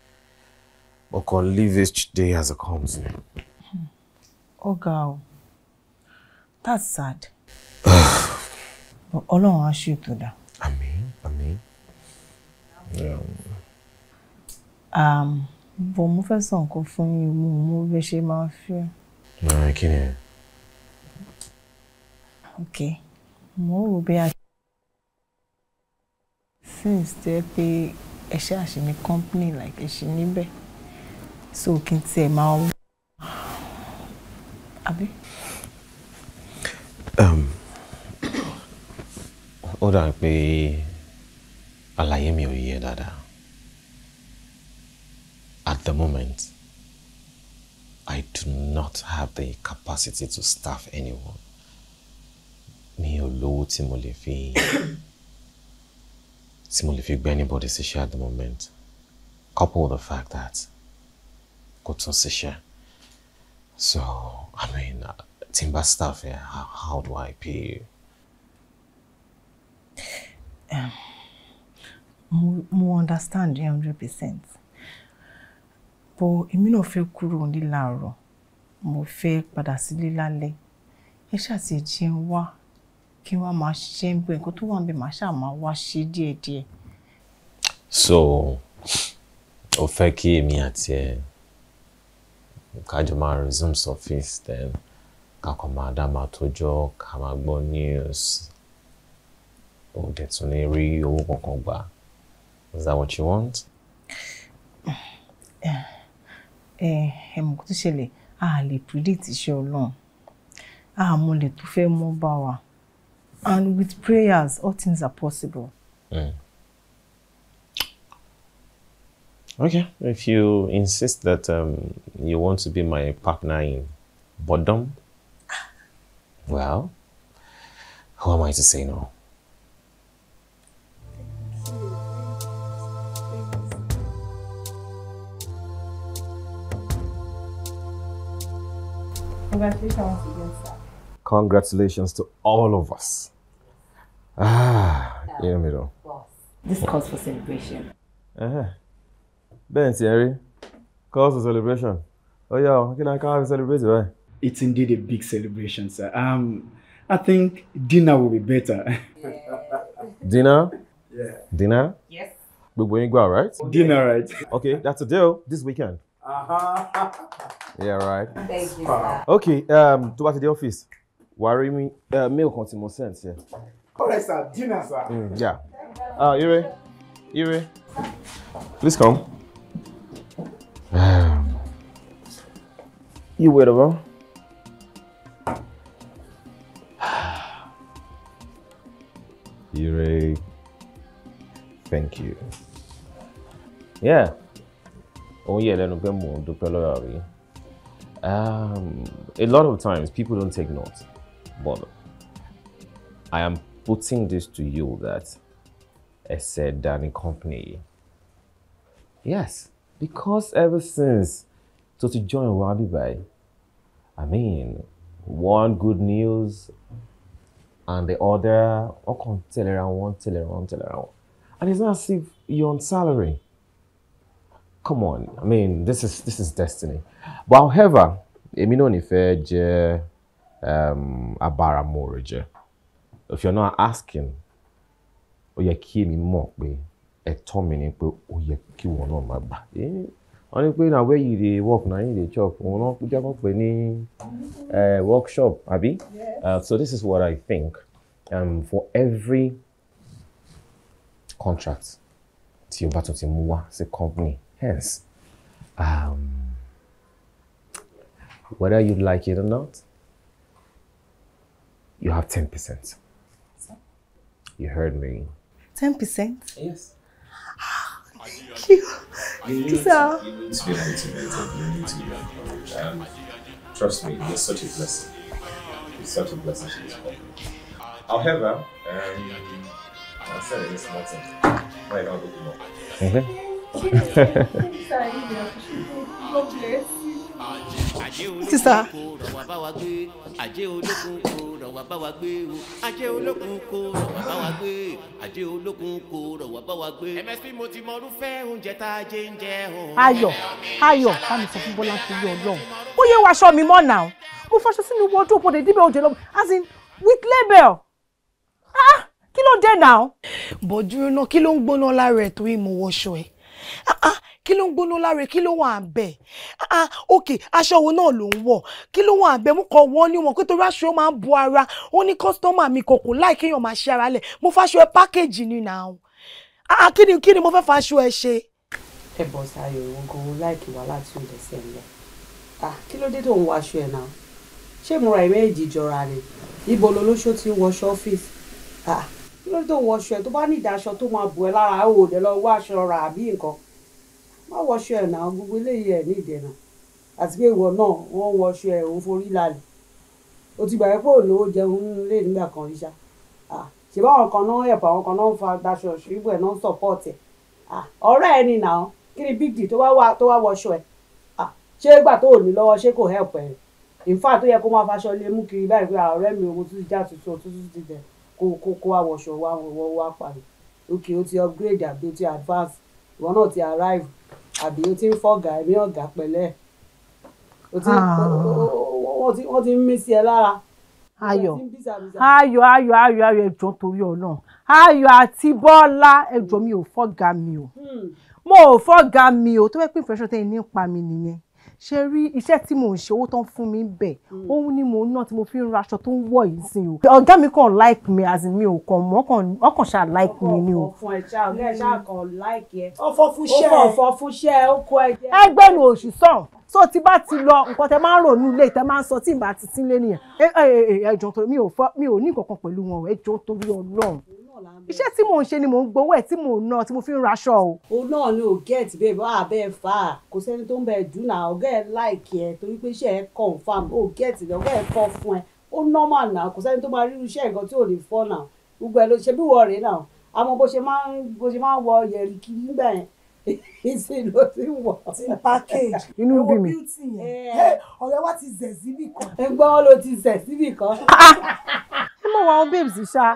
okay, can live each day as it comes. <sighs> Oh, girl, that's sad. <sighs> but Ọlọ́run á to do. Àmín, àmín. Bọ̀ mo fẹ́ sọ nǹkan fún yín, mo mú bẹ́ my máa fẹ́. I can't. ok mo rò bí a. since tẹ́ pé ẹ ṣe àṣì ní company like ẹ ṣe níbẹ̀ so kí n tiẹ̀ "Ma, wọ. àbí. Ehm, ó dàbí pé àlàyé mi ò yé dáadáa at the moment. I do not have the capacity to staff anyone mi ò lówó tí mo lè fi <coughs> tí fi gbé anybody ṣiṣẹ́ at the moment couple with the fact that kò tún ṣiṣẹ́ so I mean tí n bá staff here how, how do I pay you. Um, mo mo understand one hundred percent but èmi náà fẹ́ you nílàárọ̀ mo fẹ́ padà sílé lálẹ́ ẹ ṣáà ti jẹun wá kí wọ́n máa ṣiṣẹ́ ń bọ̀ nǹkan tó wà ń bẹ̀ máa ṣáà máa wá ṣe díẹ̀díẹ̀. so o fẹ́ kí èmi àti ẹ kájọ máa resume surface then kakọ máa dá máa tójọ́ ká máa gbọ́ news o dẹ̀ tún lè rí owó kankan gbà is that what you want. ẹ <sighs> eh, eh, ẹ mọ̀ kó tó ṣẹlẹ̀ a lè predict iṣẹ́ ọlọ́run àmọ́ lè tó fẹ́ mọ́ bá wa. And with prayers, all things are possible. Mm. Okay, if you insist that um, you want to be my partner in boredom, well, who am I to say no? Congratulations. Congratulations to all of us. Ah, um, you know. Boss, this calls for celebration. Uh-huh. Ben, Thierry, calls for celebration. Oh yeah, can I come celebrate? Right? It's indeed a big celebration, sir. Um, I think dinner will be better. <laughs> Yeah. dinner? Yeah. Dinner? Yes. But when you go out, right? Okay. Dinner, right? <laughs> okay, that's a deal. This weekend. Uh-huh. Yeah, right. Thank you. Sir. Okay, um, to what to the office. Worry me. Uh, mail kan tí mo send sí ẹ. alright sir dinner sir. Mm, yeah. ah uh, ire ire please come. <sighs> you wait about. <sighs> Ire, thank you. Yeah, Oh yeah, then pé mò ń dúpẹ́ lọ́yà rí. Um, a lot of times people don't take notes. But I am putting this to you that I said Danny Company. Yes, because ever since to join Wabi Bay, I mean, one good news and the other, I can tell around one, tell around, tell around. And it's not as if you're on salary. Come on, I mean, this is this is destiny. But however, èmi náà nífẹ̀ẹ́ um, abáramọ̀rọ̀ jẹ́ if you're not asking ó yẹ kí èmi mọ̀ pé ẹ̀tọ́ mi ni pé ó yẹ kí wọn náà máa gbà wọ́n ní pé na where you dey work na you dey chop òun náà kú jákọ́ pé ní eh, workshop àbí uh, so this is what I think um, for every contract tí o bá tún ti mú wá sí company hence um, whether you like it or not. You have 10%. So? You heard me. 10%? Yes. Thank you. You need, to, you need to be motivated. You need to be. Um, trust me, it's such a blessing. It's such a blessing to this company. However, um, I said it this morning. Why not look more? Okay. Thank you. Sorry, you know. God bless. sísá. ajé olókun kò rọ̀ wá bá wa gbé o ajé olókun kò rọ̀ wá bá wa gbé ajé olókun kò rọ̀ wá bá wa gbé. msp mo ti mọ irúfẹ́ oúnjẹ tá a jẹ ń jẹ o. ayọ̀ ayọ̀ bá mi sọ fún bọ́lá tó yẹ ọlọ́run ó yẹ wàṣọ mi mọ́ náà mo fọṣọ sínú wardrobe òde díbẹ̀ òjò lọ́wọ́ as in with label ah kí ló dé náà. bọ̀dúró náà kí ló ń gbóná lára ẹ̀ torí mo wọṣọ ẹ̀ ah, ah kí ló ń gbóná láre kí ló wà bẹ́ẹ̀ ah, ah ok aṣọ wo náà ló ń wọ̀ kí ló wà bẹ́ẹ̀ mo kọ̀ wọ́n ní wọn pé torí aṣọ máa ń bu ara ó ní kọ́sítọ́mà mi kò kò láì kéèyàn máa ṣe ara lẹ̀ mo fàṣọ ẹ pákéjì ni nà án ah, ah kí ni kí ni mo fẹ́ fàṣọ ẹ ṣe. ẹ bọ̀ sáyọ̀ ìwọ̀n gan-an láìkí wà láti òde sẹ́lẹ̀ ah kí ló dé tó ń wáṣọ ẹ̀ náà ṣé ìmúra ìwé èjì jọra ni ibo lolóṣó ti ń wọṣọ ọ́fíìsì ah kí ló dé tó ń wọṣọ ẹ̀ tó bá ní ìdáṣọ tó máa bù ẹ́ lára ó ò lọ wá aṣọ rà àbí nǹkan má wọṣọ ẹ̀ náà gbogbo eléyìí ẹ̀ ní ìdènà àti pé ìwọ náà wọ́n wọṣọ ẹ̀ òun forí lálẹ́ o ti gbàgbé pé òun ò jẹun lé nígbà kan rí ṣá ṣe báwọn kan náà ẹ̀pọ̀ àwọn kan náà ń fa aṣọ ṣíbù ẹ̀ náà ń sọ̀pọ̀tì ẹ̀ ọ̀rẹ́ ẹ̀ ni nà kí ni big d tó wá wọṣọ ẹ̀ ṣé gbà tó ò ní lọ́wọ́ ṣé kò help ẹ̀ in fact tó yẹ kó máa faṣọ lé mú kiri báyìí pé ọ̀rẹ́ mi òun tún já tuntun tuntun ti tẹ̀ kó kó kó wá wọṣọ wá wọ́ wá parí ok o ti upgrade àbí o ti advance ìwọ náà ti arrive àbí ó ti ń fọ̀gà ẹ̀mí ọ̀gá pẹ̀lẹ́ ah. wọ́n ti ń mí sí ẹ lára. ayọ̀ ayọ̀ ayọ̀ ayọ̀ ayọ̀ ẹ̀jọ̀ torí ọlọ́run ayọ̀ àti bọ́lá ẹ̀jọ̀ mi ò fọ̀gà mi o hmm. mo ò fọ̀gà mi o tó fẹ́ pín ìfẹsọ̀tẹ̀ nípa mi nìyẹn ṣe rí iṣẹ́ tí mò ń ṣe owó tó ń fún mi bẹ̀ òun ni mò ń ná tí mo fi ń raṣọ tó ń wọ̀ yìí sí o ọ̀gá mi kàn like mi as in mi ò kàn mọ́ ọkàn ṣáà like mi ni o. ọkọ ẹja ọgá ẹja kan like ẹ ọfọ fúnṣẹ ọfọ fúnṣẹ ọkọ ẹjẹ. ẹgbẹ́ nu oṣù sàn so tí bá ti lọ nǹkan tẹ máa ń rò nílé tẹ máa ń sọ tí ìgbà ti sílé nìyẹn ẹ ẹ ẹ ẹjọ tó mi ò ní nǹkan kan pẹ̀lú wọn ẹjọ torí Ọlọ́run iṣẹ́ tí mò ń ṣe ni mò ń gbowó ẹ̀ tí mò ń ná tí mo fi ń raṣọ o. òun náà ni ò gẹ́ẹ̀tì bẹ́ẹ̀ bá a bẹ́ẹ̀ fà kò sẹ́ni tó ń bẹ̀ dúnà ọ̀gá ẹ̀ láìkì ẹ̀ torí pé iṣẹ́ ẹ̀ confam ò gẹ́ẹ̀tì ọ̀gá ẹ̀ kọ́ fún ẹ ó normal náà kò sẹ́ni tó máa rí iṣẹ́ nǹkan tí ò ní fọ́ náà gbogbo ẹ̀ ló ṣe bí wọ́ọ̀rẹ́ náà àmọ́ bó ṣe máa ń bó ṣe máa ń wọ yẹ̀rì kiri nígbà yẹn <laughs> ìsìn ló ti wọ̀. ti package <laughs> inú bí mi eh. ọ̀rẹ́ wa ti zẹ̀ síbì kan. ẹgbọ́n ló ti zẹ̀ síbì kan. <laughs> ẹ mọ̀ wá ọ babes ṣá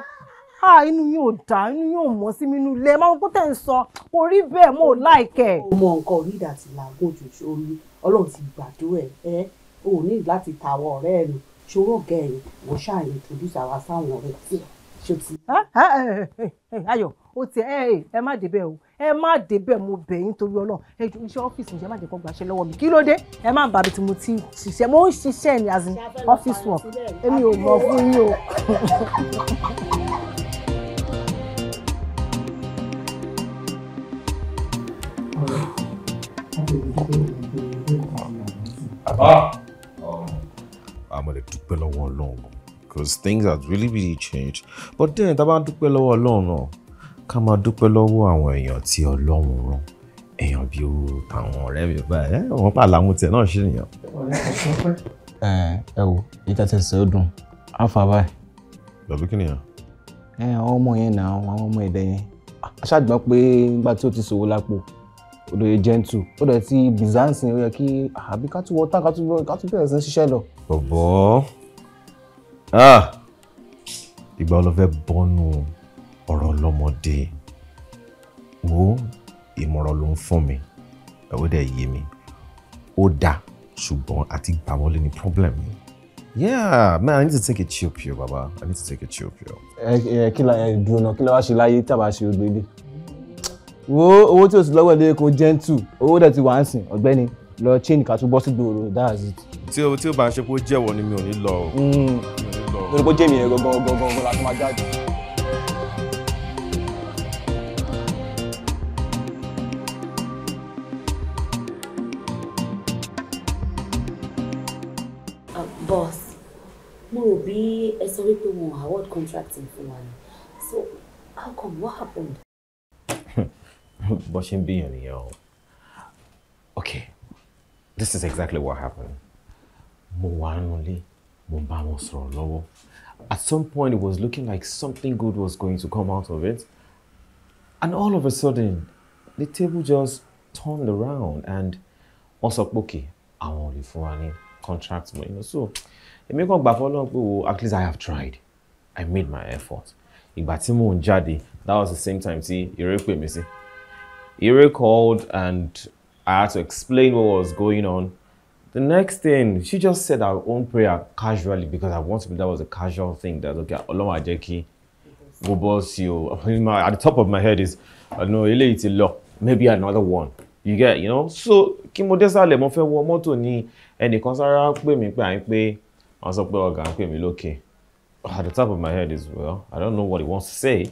ah inú yín ò dá inú yín ò mọ́ sí mi inú ilé ẹ máa ń kó tẹ̀ ń sọ orí bẹ́ẹ̀ mo láìkẹ́. ọmọ nǹkan orí ìdá ti làágùn jù sórí ọlọ́run ti gbàdúrà ẹ ò ní láti tàwọn ọ̀rẹ́ ẹ nù ṣòro ọ̀gá ẹ̀yìn wọ́n ṣáà introduce àwa sáwọn ọ̀rẹ́ tiẹ̀ ṣe ti. ayọ̀ ó ti ẹ ẹ má débẹ̀ o ẹ má débẹ̀ mo bẹ̀ yín torí ọlọ́run ẹ ju iṣẹ́ ọ́fíìsì ǹjẹ́ má jẹ́ kó gbàṣẹ lọ́wọ́ mi kí ló dé ẹ má bàbí tí mo ti ṣiṣẹ́ mo ń ṣiṣẹ́ ní as in office work èmi ò mọ̀ fún yín o. <laughs> àmọ́ lè dúpẹ́ lọ́wọ́ ọlọ́run because things have really really changed but then tá a do dúpẹ́ lọ́wọ́ ọlọ́run náà ká máa dúpẹ́ lọ́wọ́ àwọn èèyàn tí ọlọ́run rán èèyàn bí o tàwọn ọ̀rẹ́ mi báyìí wọn pa làwọn tiẹ̀ náà ṣe nìyàn. ẹ ẹ wo ìtẹ̀tẹ̀ ṣe ó dùn áfà báyìí. lọ́bí kí nìyàn. ẹ àwọn ọmọ yẹn náà àwọn ọmọ ẹ̀dẹ̀ yẹn aṣáàgbọ́n pé nígbà tí ó ti ṣòwò lápò olóye gentle ó dẹ̀ ti byzantine o yẹ kí àbí ká tún wọ tán ká tún bẹ̀rẹ̀ sí ṣiṣẹ́ lọ. bọ̀bọ̀ ìgbà ọlọ́fẹ́ bọ́nu ọ̀rọ̀ ọlọ́mọdé wo ìmọ̀ràn ló ń fún mi ẹ̀wọ́ dẹ̀ yé mi ó dáa ṣùgbọ́n àti gbà wọlé ni problem mi. Yeah, man, I need to take it chill, pure, Baba. I need to take it chill, pure. Ẹ ẹ kí la ẹ dùn náà kí la wá ṣe láyé tí a bá ṣe odò wo owó tí o sì lọ́wọ́ ilé epo gentle owó dẹ̀ ti wà á sìn ọ̀gbẹ́ni lọ chain ká tún bọ́ sí gbòòrò that's it. tí o tí o bá ń ṣe pé ó jẹ́wọ́ ni mi ò ní lọ o. Hmm. torí pé jẹ́mi yẹn gangan gangan gangan la fi máa jáde. Ah, boss mo rò bí ẹ sọ wípé wọn award contract fún wa ni so how come what happened bó ṣe ń bíyàn okay this is exactly what happened mo wà nulẹ̀ mo bá wọn sọ̀rọ̀ lọ́wọ́ at some point it was looking like something good was going to come out of it and all of a sudden the table just turned around and wọ́n sọ pé okay àwọn ò lè fún wa ní contract mọ́ you know so èmi kàn gbà fọlọ́n pé wo at least I have tried I made my effort ìgbà tí mò ń jáde that was the same time tí eré pè mí sí He recalled, and I had to explain what was going on. The next thing, she just said her own prayer casually because I want to, believe that was a casual thing that, okay, Ọlọ́run Jeki, jẹ́ kí At the top of my head is, I know, eléyìí ti lọ, maybe another one. You get, you know? So, Kimodesa mo dé sálẹ̀, mo fẹ́ wọ mọ́tò ni ẹnìkan sára pè mí pé à ń pé wọ́n sọ pé At the top of my head is, well, I don't know what he wants to say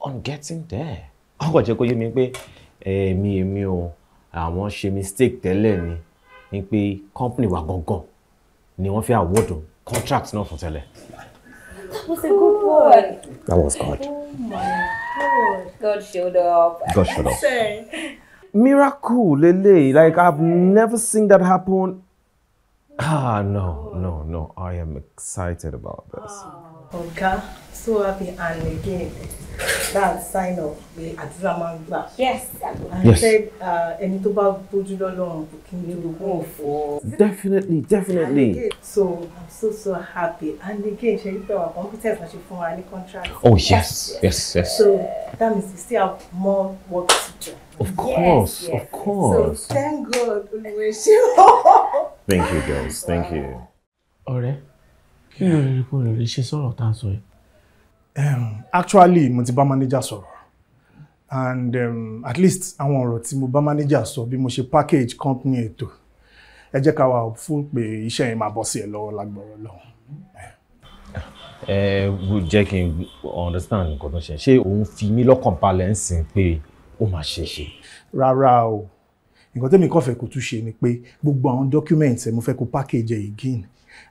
on getting there wọ́n jẹ́ kó yé mi pé èmi èmi o àwọn ṣe mistake tẹ́lẹ̀ ni ni pé company wa gangan ni wọ́n fi award contract náà fún tẹ́lẹ̀. That was a good one. That was God. Oh my God. God showed up. God miracle lele like I've never seen that happen. Ah no no no I am excited about this. Wow. Ah. Ọ̀gá, so happy and again. That sign of the àdúrà máa ń Yes. I yes. said uh, ẹni tó bá bójú lọ́lọ́run kò kí ní ogún òfò. Definitely, definitely. Again, so I'm so so happy and again ṣe wípé our computer ma ṣe fún wa ní contract. Oh yes, yes, yes. yes. So that means we still have more work to do. Of course, yes, yes. of course. So thank God, Olúwa ṣe. <laughs> Thank you guys, thank you. Ọ̀rẹ́. Right kí ni ìrìnkò rẹ̀ lè ṣe sọ̀rọ̀ tá a sọ yìí. actually mo ti bá manager sọ̀rọ̀ and um, at least àwọn ọ̀rọ̀ tí mo bá manager sọ bí mo ṣe package company ètò ẹ jẹ́ ká wà fún pé iṣẹ́ yẹn máa bọ́ sí ẹ lọ́wọ́ lágbọ̀rọ̀ lọ́wọ́ ẹ jẹ́ kí n understand nǹkan tó ṣe ṣé òun fi mí lọ́kàn balẹ̀ ń sìn pé ó máa ṣe ṣe. rárá o nǹkan tẹ́mi kàn fẹ́ kó tún ṣe ni pé gbogbo àwọn document ẹ̀ mo fẹ́ kó package ẹ̀ again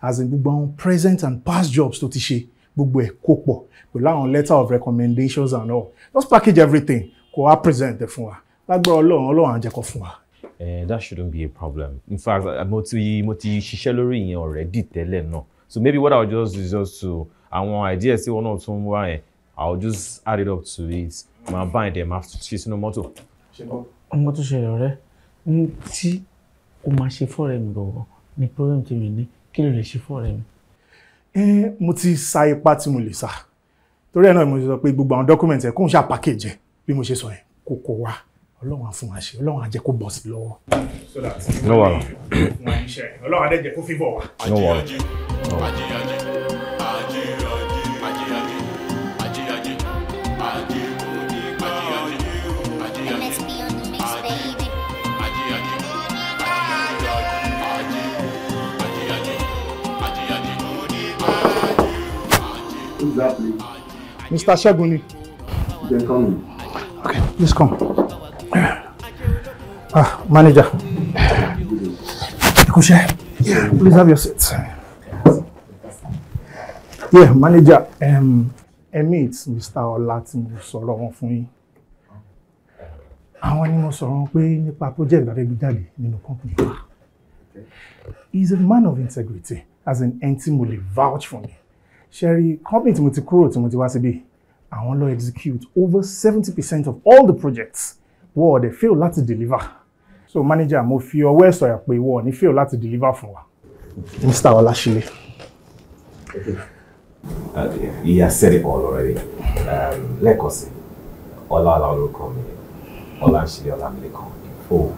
as in gbogbo àwọn present and past jobs tó ti ṣe gbogbo ẹ̀ kó pọ̀ pẹ̀lú àwọn letter of recommendations and all just package everything kó wá present ẹ̀ fún wa lágbára ọlọ́run ọlọ́run àjẹkọ̀ fún wa. Uh, that shouldn't be a problem. In fact, uh, mo ti mo ti ṣiṣẹ́ lórí ìyẹn already tẹ́lẹ̀ náà. So maybe what I will just do just to àwọn ideas tí wọ́n náà tún wá yẹn, I will just add it up to it. Màá bá ẹ̀dẹ̀ máa ṣe sínú mọ́tò. Ọmọ tó ṣẹlẹ̀ ọ̀rẹ́ tí o máa ṣe fọ́ọ̀rẹ́ mi gbọ̀ngàn ni problem tí mi ní kí ló lè ṣe fún ọ̀rẹ́ mi. ẹ mo ti sa ipá tí mo lè sa torí ẹ náà mo sọ pé gbogbo àwọn dọ́kúmẹ̀ntì ẹ kóun ṣáà pàkéjì ẹ bí mo ṣe sọ yẹn kó kó wa ọlọ́run á fún wa ṣe ọlọ́run á kó bọ̀ sí lọ́wọ́. no wahala. ọlọ́run á kó fífọ̀ wa. no wahala. is that place? Mr. Shaguni. Then come in. Okay, please come. Ah, manager. Kushe, please have your seat. Yeah, manager, um, Emmy, Mr. Olatin, mo sọ̀rọ̀ wọn fún to Àwọn ni mo sọ̀rọ̀ wọn pé nípa project ìgbàdé company wa. He is a man of integrity, as an entity mo vouch for me. Sherry, company to mo to kúrò tí mo ti wá execute over seventy percent of all the projects wọ́n ọ̀dẹ̀ fail to deliver. So manager mo fi ọwọ́ ẹ̀ sọ̀yà pé wọ́n ní fail láti deliver for? Mr. Olashile. Okay. Uh, he has said it all already. Um, lẹ́ẹ̀kan sí Ọlá Ọlá olórúkọ mi, Ọlá Ṣílẹ̀ Ọlámilékan Ifo.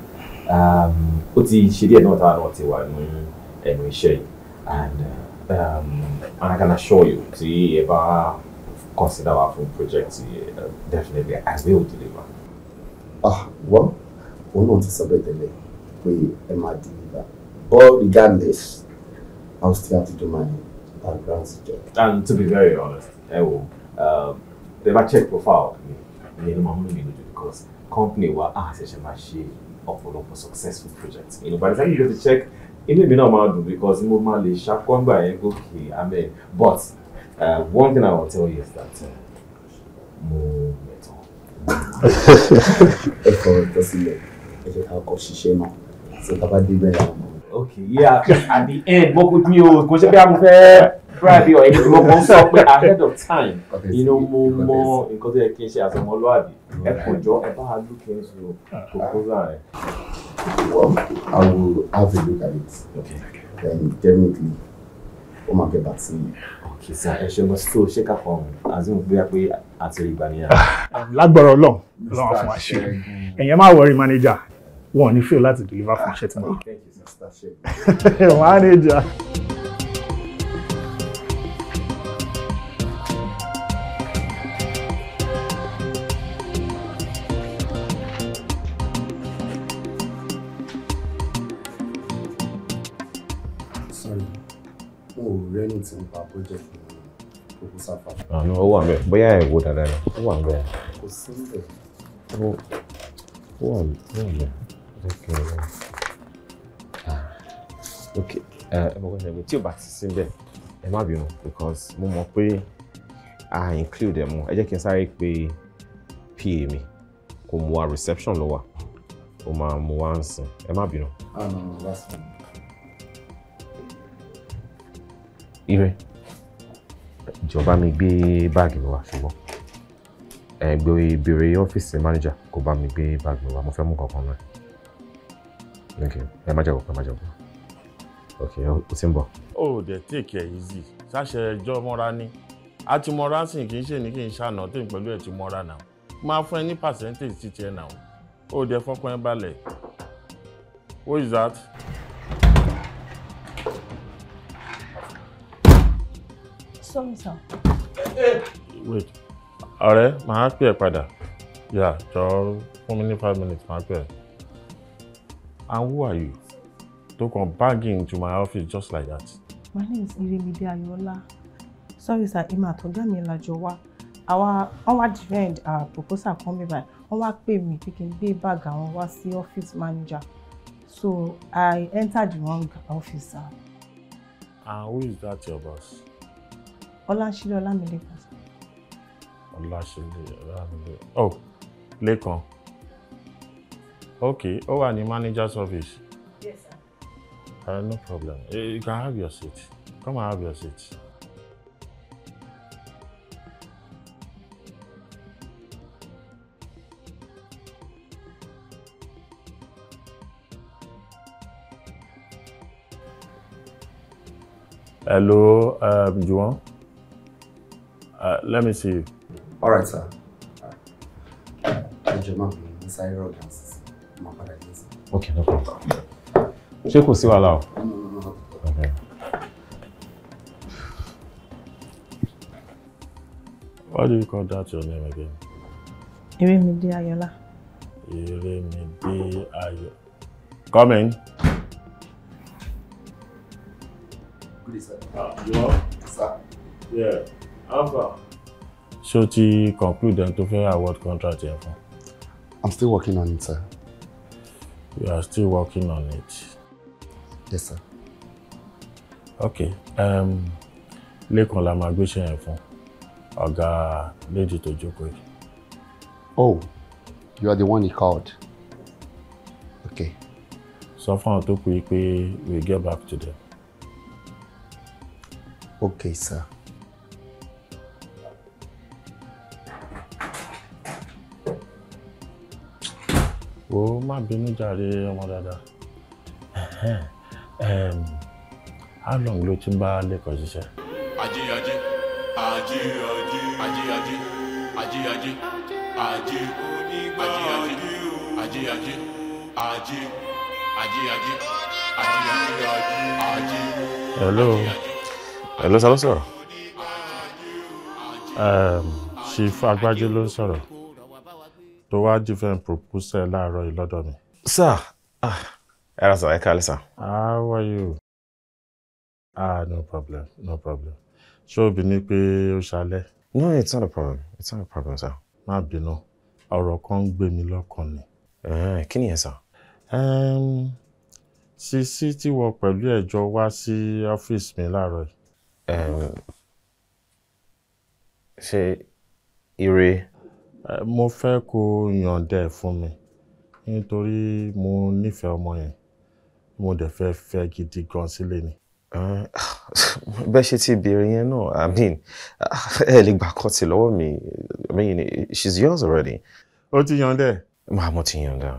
Um, ó ti ṣe díẹ̀ náà táwọn náà ti wà ní ẹnu iṣẹ́ yìí and. Uh, Um, and I can assure you, see, if I consider our food project, uh, definitely I will deliver. Ah, well, we want to celebrate the day. We might deliver. But regardless, I'll still have to do my background check. And to be very honest, I will. Um, they might check profile. You know, my money because company will ask if I should upload a successful projects. You know, by the time you do the check, inú mi náà máa dùn because mo máa lè ṣàkóńgbà yẹn gòkè amẹ but uh, one thing I will tell you is that uh, mo mẹ̀tàn. ẹ kọ ọ̀tọ̀ sílẹ̀ ẹ jẹ́ ká kọ ṣiṣẹ́ náà ṣe ká bá dé bẹ́ẹ̀ yà okay yeah at the end mo kò mi ò kò ṣe pé a mo fẹ́ friday or anything mo sọ pé ahead of time you know mo mọ nǹkan tó yẹ kí n ṣe àtọmọlúwàbí ẹ kò jọ ẹ bá a lókè ń sọ proposal rẹ. Well, I will have a look at it. Okay. okay. Then definitely, ó máa get back to you. Okay, sir. Ẹ ṣe gbọ́n so ṣé ká fọ àzín bóyá pé àti rí ìgbà nìyà. Ah, um, lágbára Long, long á fún wa ṣe. Ẹ̀yẹ́ my worry manager. One, you feel fail láti deliver fún iṣẹ́ tí Thank you, Mr. Sheikh. Manager. pa project ní proposal fa. àná ó wà bẹ́ẹ̀ bóyá ẹ̀ wò dáadáa ni ó wà bẹ́ẹ̀. kò sí bẹ́ẹ̀. ó ó wà bẹ́ẹ̀ ó kẹ́ ẹ̀ lọ. ok ah, ẹ mọ̀ kọ́ tí o bá ti sí bẹ́ẹ̀ ẹ má bínú because mo mọ̀ pé a include ẹ̀ mọ́ ẹ jẹ́ kí n sáré pé pa mi kò mú wa reception lọ wa ó máa mú wa ń sìn ẹ má bínú. ah no no that's Ire ìjọba mi gbé báàgì mi wá ṣùgbọ́n ẹgbẹ́ ìbèrè ọ́fíìsì mánéjà kò bá mi gbé báàgì mi wá mo fẹ́ mú kankan náà okay ẹ má jẹ́wọ́ pé ẹ má jẹ́wọ́ okay o ti ń bọ̀. ó dẹ̀ take it easy ṣáṣẹ ẹjọ́ mọ́ra ní àti mọ́ra sìn kì í ṣe ní kí n ṣàná tí n pẹ̀lú ẹ̀ ti mọ́ra náà máa fún ẹ ní percentage ti tiẹ̀ náà O dẹ̀ fọkàn ẹ balẹ̀ what is that. sorry sir. wait ọ̀rẹ́ màá pè ẹ́ padà yà jọ fún mi ní five minutes màá pè ẹ́ and who are you To come báàgì into my office just like that. my name is Iremide Ayọ̀ọ́lá sorry sir emma àtọ́gbà mi làjọ wá àwa wá defend our proposal kan mi báyìí wọn wá pè mí pé kí n gbé bag àwọn wá sí office manager so i entered the wrong office. and who is that your boss. Ọláṣílé Ọlámilékan. Ọláṣílé Ọlámilékan. Oh, Lékan. Okay, ó wà ní manager's office. Yes, sir. Uh, no problem. Eh, you can have your seat. Come and have your seat. Hello, um, Juan. Uh, let me see you. All right, sir. Okay, no problem. Ṣé kò sí wàhálà o? Why do you call that your name again? Iremide Ayola. Iremide Ayola. Coming? Good sir. Uh, you are? Sir. Yeah ṣé o ti conclude ẹni tó fẹ́ award contract yẹn fún. I'm still working on it sir. You are still working on it. Yes sir. Okay. Um, lẹ́kàn la máa gbéṣẹ́ yẹn fún ọ̀gá lady to jókòó yìí. Oh, you are the one he called. Okay. So fún àwọn tó kù yìí we get back to them. Okay sir. wo má bínú jàre ọmọ dáadáa how long ló ti bá lẹ́kọ̀ọ́ ṣiṣẹ́. ajé ajé ajé ajé ajé ajé ajé ajé ajé onígbàdí ajé ajé hello hello salo sọ̀rọ̀ chief agbájú ló ń sọ̀rọ̀ tó wá different proposal láàárọ̀ yìí lọ́dọ̀ mi. sir ah ẹ ra sir ẹ kálẹ̀ sir. how are you? ah no problem no problem ṣé o bí ní pé ó ṣalẹ̀. no it's not a problem it's not a problem sir. má bínú ọ̀rọ̀ kan ń gbé mi lọ́kàn ni. Eh, kí ni ẹ sọ. Sisi tí wọ pẹ̀lú ẹ̀jọ́ wá sí ọ́fíìsì mi láàárọ̀ yìí. ṣe ire mo fẹ́ kó yànda fún mi nítorí mo nífẹ̀ẹ́ ọmọ yẹn mo dẹ̀ fẹ́ fẹ́ gidi gan sílé ni. bẹ́ẹ̀ ṣe ti béèrè yẹn náà i mean ẹ lè gbà kọ́ọ̀tì lọ́wọ́ mi i mean she's yours already. ó ti yànda ẹ̀. máa mo ti yànda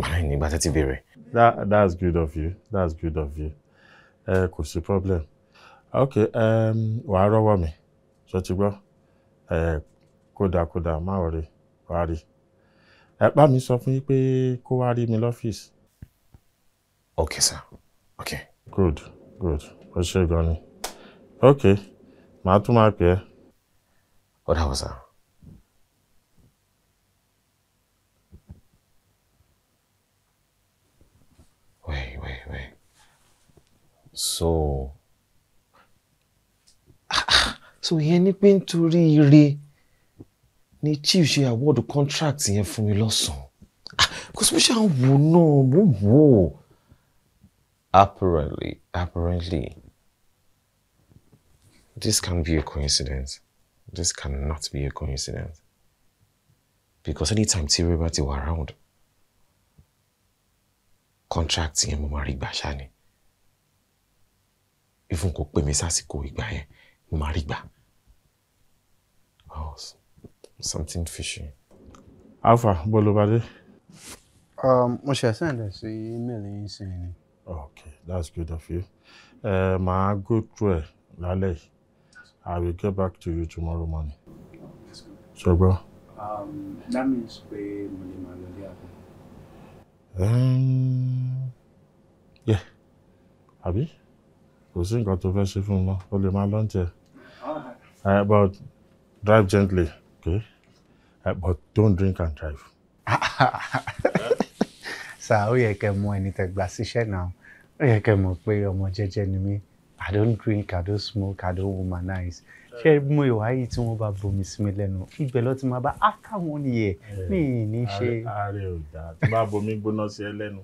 máa nígbà tẹ́ ti béèrè. that that's good of you that's good of you kò sí problem Okay. wàá rọ́wọ́ mi ṣe ti gbọ́ kódà kódà má wọlé wá rí ẹ bá mi sọ fún yín pé kó wá rí mi lọ́fíìsì. ok sir ok. good good ó ṣe gan ni ok màá tún máa pè é. ó dàbọ̀ sir. wait wait wait so <laughs> so ìyẹn ni pé nítorí ire ni chief ṣe award contract yẹn fún mi lọ́sàn-án ah, kò sí bó ṣe àwọn wò náà mo wò ó. apparently apparently this can be a coincidence this cannot be a coincidence because anytime tí rẹ́bà ti wà around contract yẹn mo máa rí gbà ṣáà ni even kò pè mí sásìkò ìgbà yẹn mo máa rí gbà. Oh, something fishy. alpha bolobade. Um, mo ṣe send ẹ sí email yín sí ni. okay that's good of you. Uh, my good through ẹ i will get back to you tomorrow morning. bro. Um, that means pé money lè máa lọ Um, yeah. Abi, Kò think nǹkan tó fẹ́ ṣe fún un mọ́. O lè máa All right. but drive gently okay? Uh, but don't drink and drive. <laughs> Sir, we yẹ kẹ́ mọ ẹni tẹ́ now. We náà. Ó yẹ your mọ̀ pé I don't drink, I don't smoke, I don't womanize. She mo ìwà yìí tí wọ́n bá bomi sí mi lẹ́nu? Ibẹ̀ ló ti máa bá after ah, one year me, ìní ṣe. Ààrẹ ò dáa, tí bá bomi gbóná sí ẹ lẹ́nu,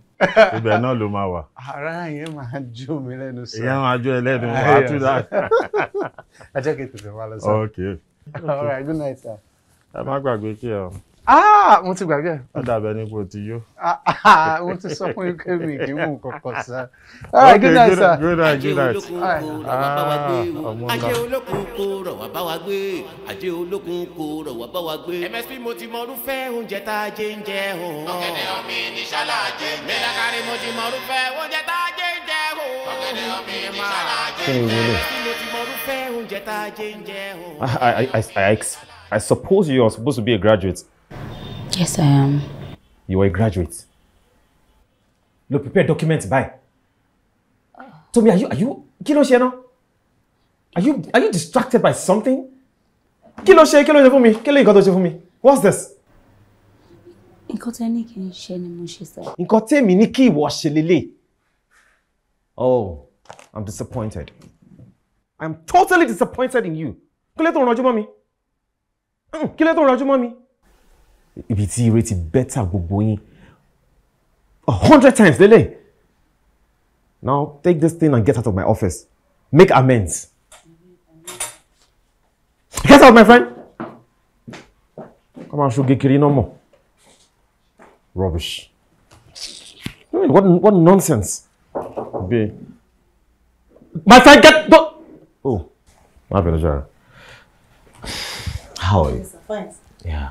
ibẹ̀ náà ló máa wà. Ara yẹn máa jó mi lẹ́nu sọ. Ìyẹn máa jó ẹ lẹ́nu, wàá tún dáa. <laughs> Ẹ jẹ́ kí n tètè wá Okay. All right, good night, sir ẹ má gbàgbé kí ẹ. mo ti gbàgbé. ó dàbẹ̀ ní kò ti yó. mo ti sọ fún ike mi kì í mú kọ̀kọ̀ sá. ok good night sir. good night good night. ajé olókun kò rọ̀ wá bá wa gbé ajé olókun kò rọ̀ wá bá wa gbé. msp mo ti mọ irúfẹ́ oúnjẹ tá a jẹ ń jẹ o. ọ̀gẹ̀dẹ̀ omi ní sálà jẹ ń jẹ. mẹ́lákàrí mo ti mọ irúfẹ́ oúnjẹ tá a jẹ ń jẹ o. ọ̀gẹ̀dẹ̀ omi ní sálà jẹ ń jẹ. I, I, I, I I suppose you are supposed to be a graduate. Yes, I am. You are a graduate. Lo prepare documents báyìí. Oh. Tomi, are you are you kí ló ṣe Are you are you distracted by something? Kí ló ṣe kí ló ṣe fún mi? Kí ló nǹkan tó ṣe fún mi? What's this? Nǹkan tẹ́ ní kí n ṣe ni mo ṣe sọ. Nǹkan tẹ́mi ní kí ìwọ ṣe lélẹ̀. Oh, I'm disappointed. I'm totally disappointed in you. Kí ló tó rànjú mọ́ mi? Hmm, kí lẹ́ tó rọjú mọ́ mi. ibi tí ire ti bẹ́tà gbogbo yín a hundred times lélẹ̀. now take this thing and get out of my office make amends. get out my friend. kọ́má ṣoge kiri iná mọ̀ rubbish. What, what nonsense. Babe. My friend, get... Go. Oh, my bad, Jara. How? Fine. Yeah.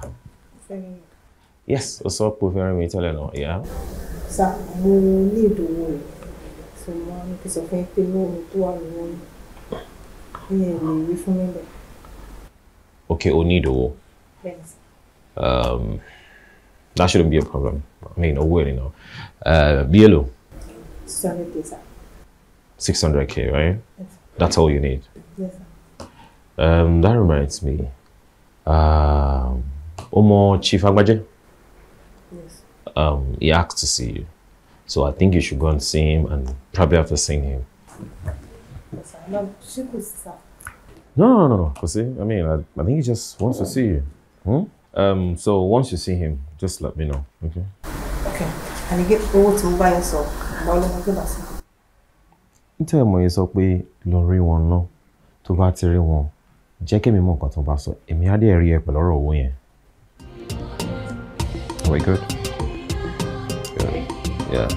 Yes, o sọ pé o fẹ́ràn mi yeah. Sir, we need to. so mo máa ń tó Okay, o ní ìdòwò. Um, that shouldn't be a problem. I mean, owó ẹ̀ nínú. Uh, bí èlò? Six hundred Six hundred k, right? Yes. That's all you need? Yes, sir. Um, that reminds me uh, Omo Chief Agbaje? Yes. Um, he asked to see you. So I think you should go and see him and probably after seeing him. no, No, no, no, no. I mean, I, I, think he just wants to see you. Hmm? Um, so once you see him, just let me know, okay? Okay. And you get owó tí mo bá yẹn sọ, ìgbà ọlọ́mọ gbé bá sí. Nítorí ọmọ yẹn sọ pé lọ rí wọn náà, tó bá to mo yourself? yen so you olomo so pe lo to ba ti ri jẹ́ kí èmi mọ̀ nǹkan tó bá sọ èmi á dẹ̀ rí ẹ pẹ̀lú ọ̀rọ̀ owó yẹn. we good. Yeah.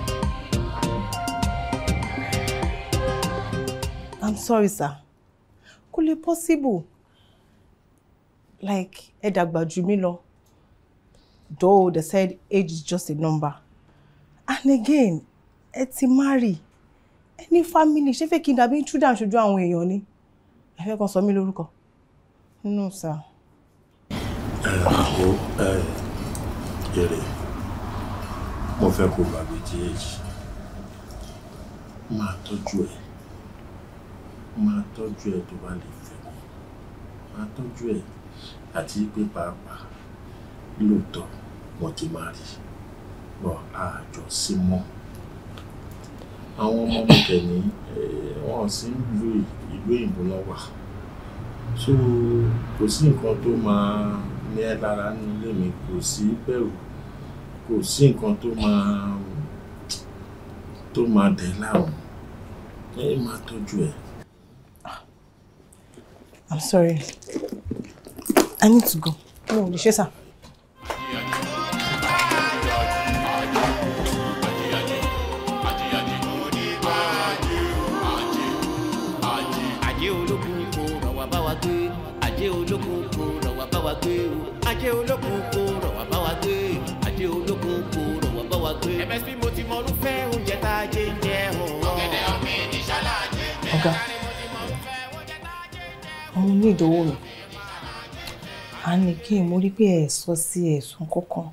I'm sorry sir Could it possible like ẹ dàgbà jù mí though they said age is just a number and again ẹ ti marry ẹ ní family ṣé fẹ́ kí n dàbí intruder ṣojú àwọn èèyàn ni ẹ fẹ́ kàn sọ mí lórúkọ. No, sir. Ẹ̀rọ èrè mo fẹ́ kó bá méjèèjì máa tọ́jú ẹ̀ máa tọ́jú ẹ̀ tó bá lè fẹ́ máa tọ́jú ẹ̀ àti pé pàápàá lóòótọ́ wọn ti máa rí bọ́ àjọ sí mọ́ àwọn ọmọ mi kẹ̀ ní wọ́n sì ń lu ìlú òyìnbó náà so kò sí nǹkan tó máa ní ẹ lára nínú ilé mi kò sí bẹ̀rù kò sí nǹkan tó máa tó máa dẹ̀ láwọn ẹ máa tọ́jú ẹ. I'm sorry. I need to go. No, the chaser. ajé ológun kóró wà bá wa gbé ajé ológun kóró wà bá wa gbé. msp mo ti mọ orúfẹ́ oúnjẹ tá a jẹ ń jẹ hàn. ọ̀gẹ̀dẹ̀ ọ̀gbìn ìṣálá ajé ń jẹ ọ̀gá ní ìdánwò mi a ní kí n mo rí pé ẹ sọ sí ẹ̀sùn kankan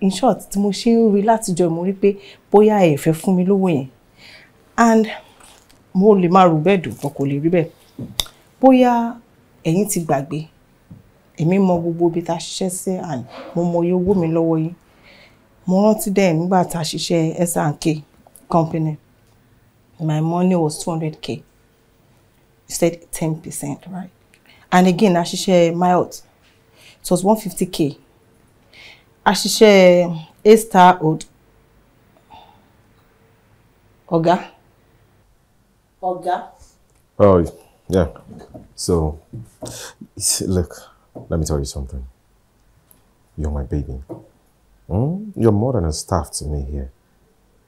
in short tí mo ṣe ń rí látijọ́ mo rí pé bóyá ẹ fẹ́ fún mi lówó yẹn and mo lè máa rò bẹ́ẹ̀ dùn kò lè rí bẹ́ẹ̀ bóyá ẹ̀yin ti gbàgbé èmi mọ gbogbo ibi tá a ṣiṣẹ́ sí and mo mọ iye owó mi lọ́wọ́ yín mo rántí dẹ̀ nígbà tá a ṣiṣẹ́ S&K company my money was two hundred k you said ten percent right and again a ṣiṣẹ́ Marriott it was one fifty k a ṣiṣẹ́ A Star Old ọ̀gá. ọ̀gá. oh yeah so look. Let me tell you something. You're my baby. Hmm? You're more than a staff to me here.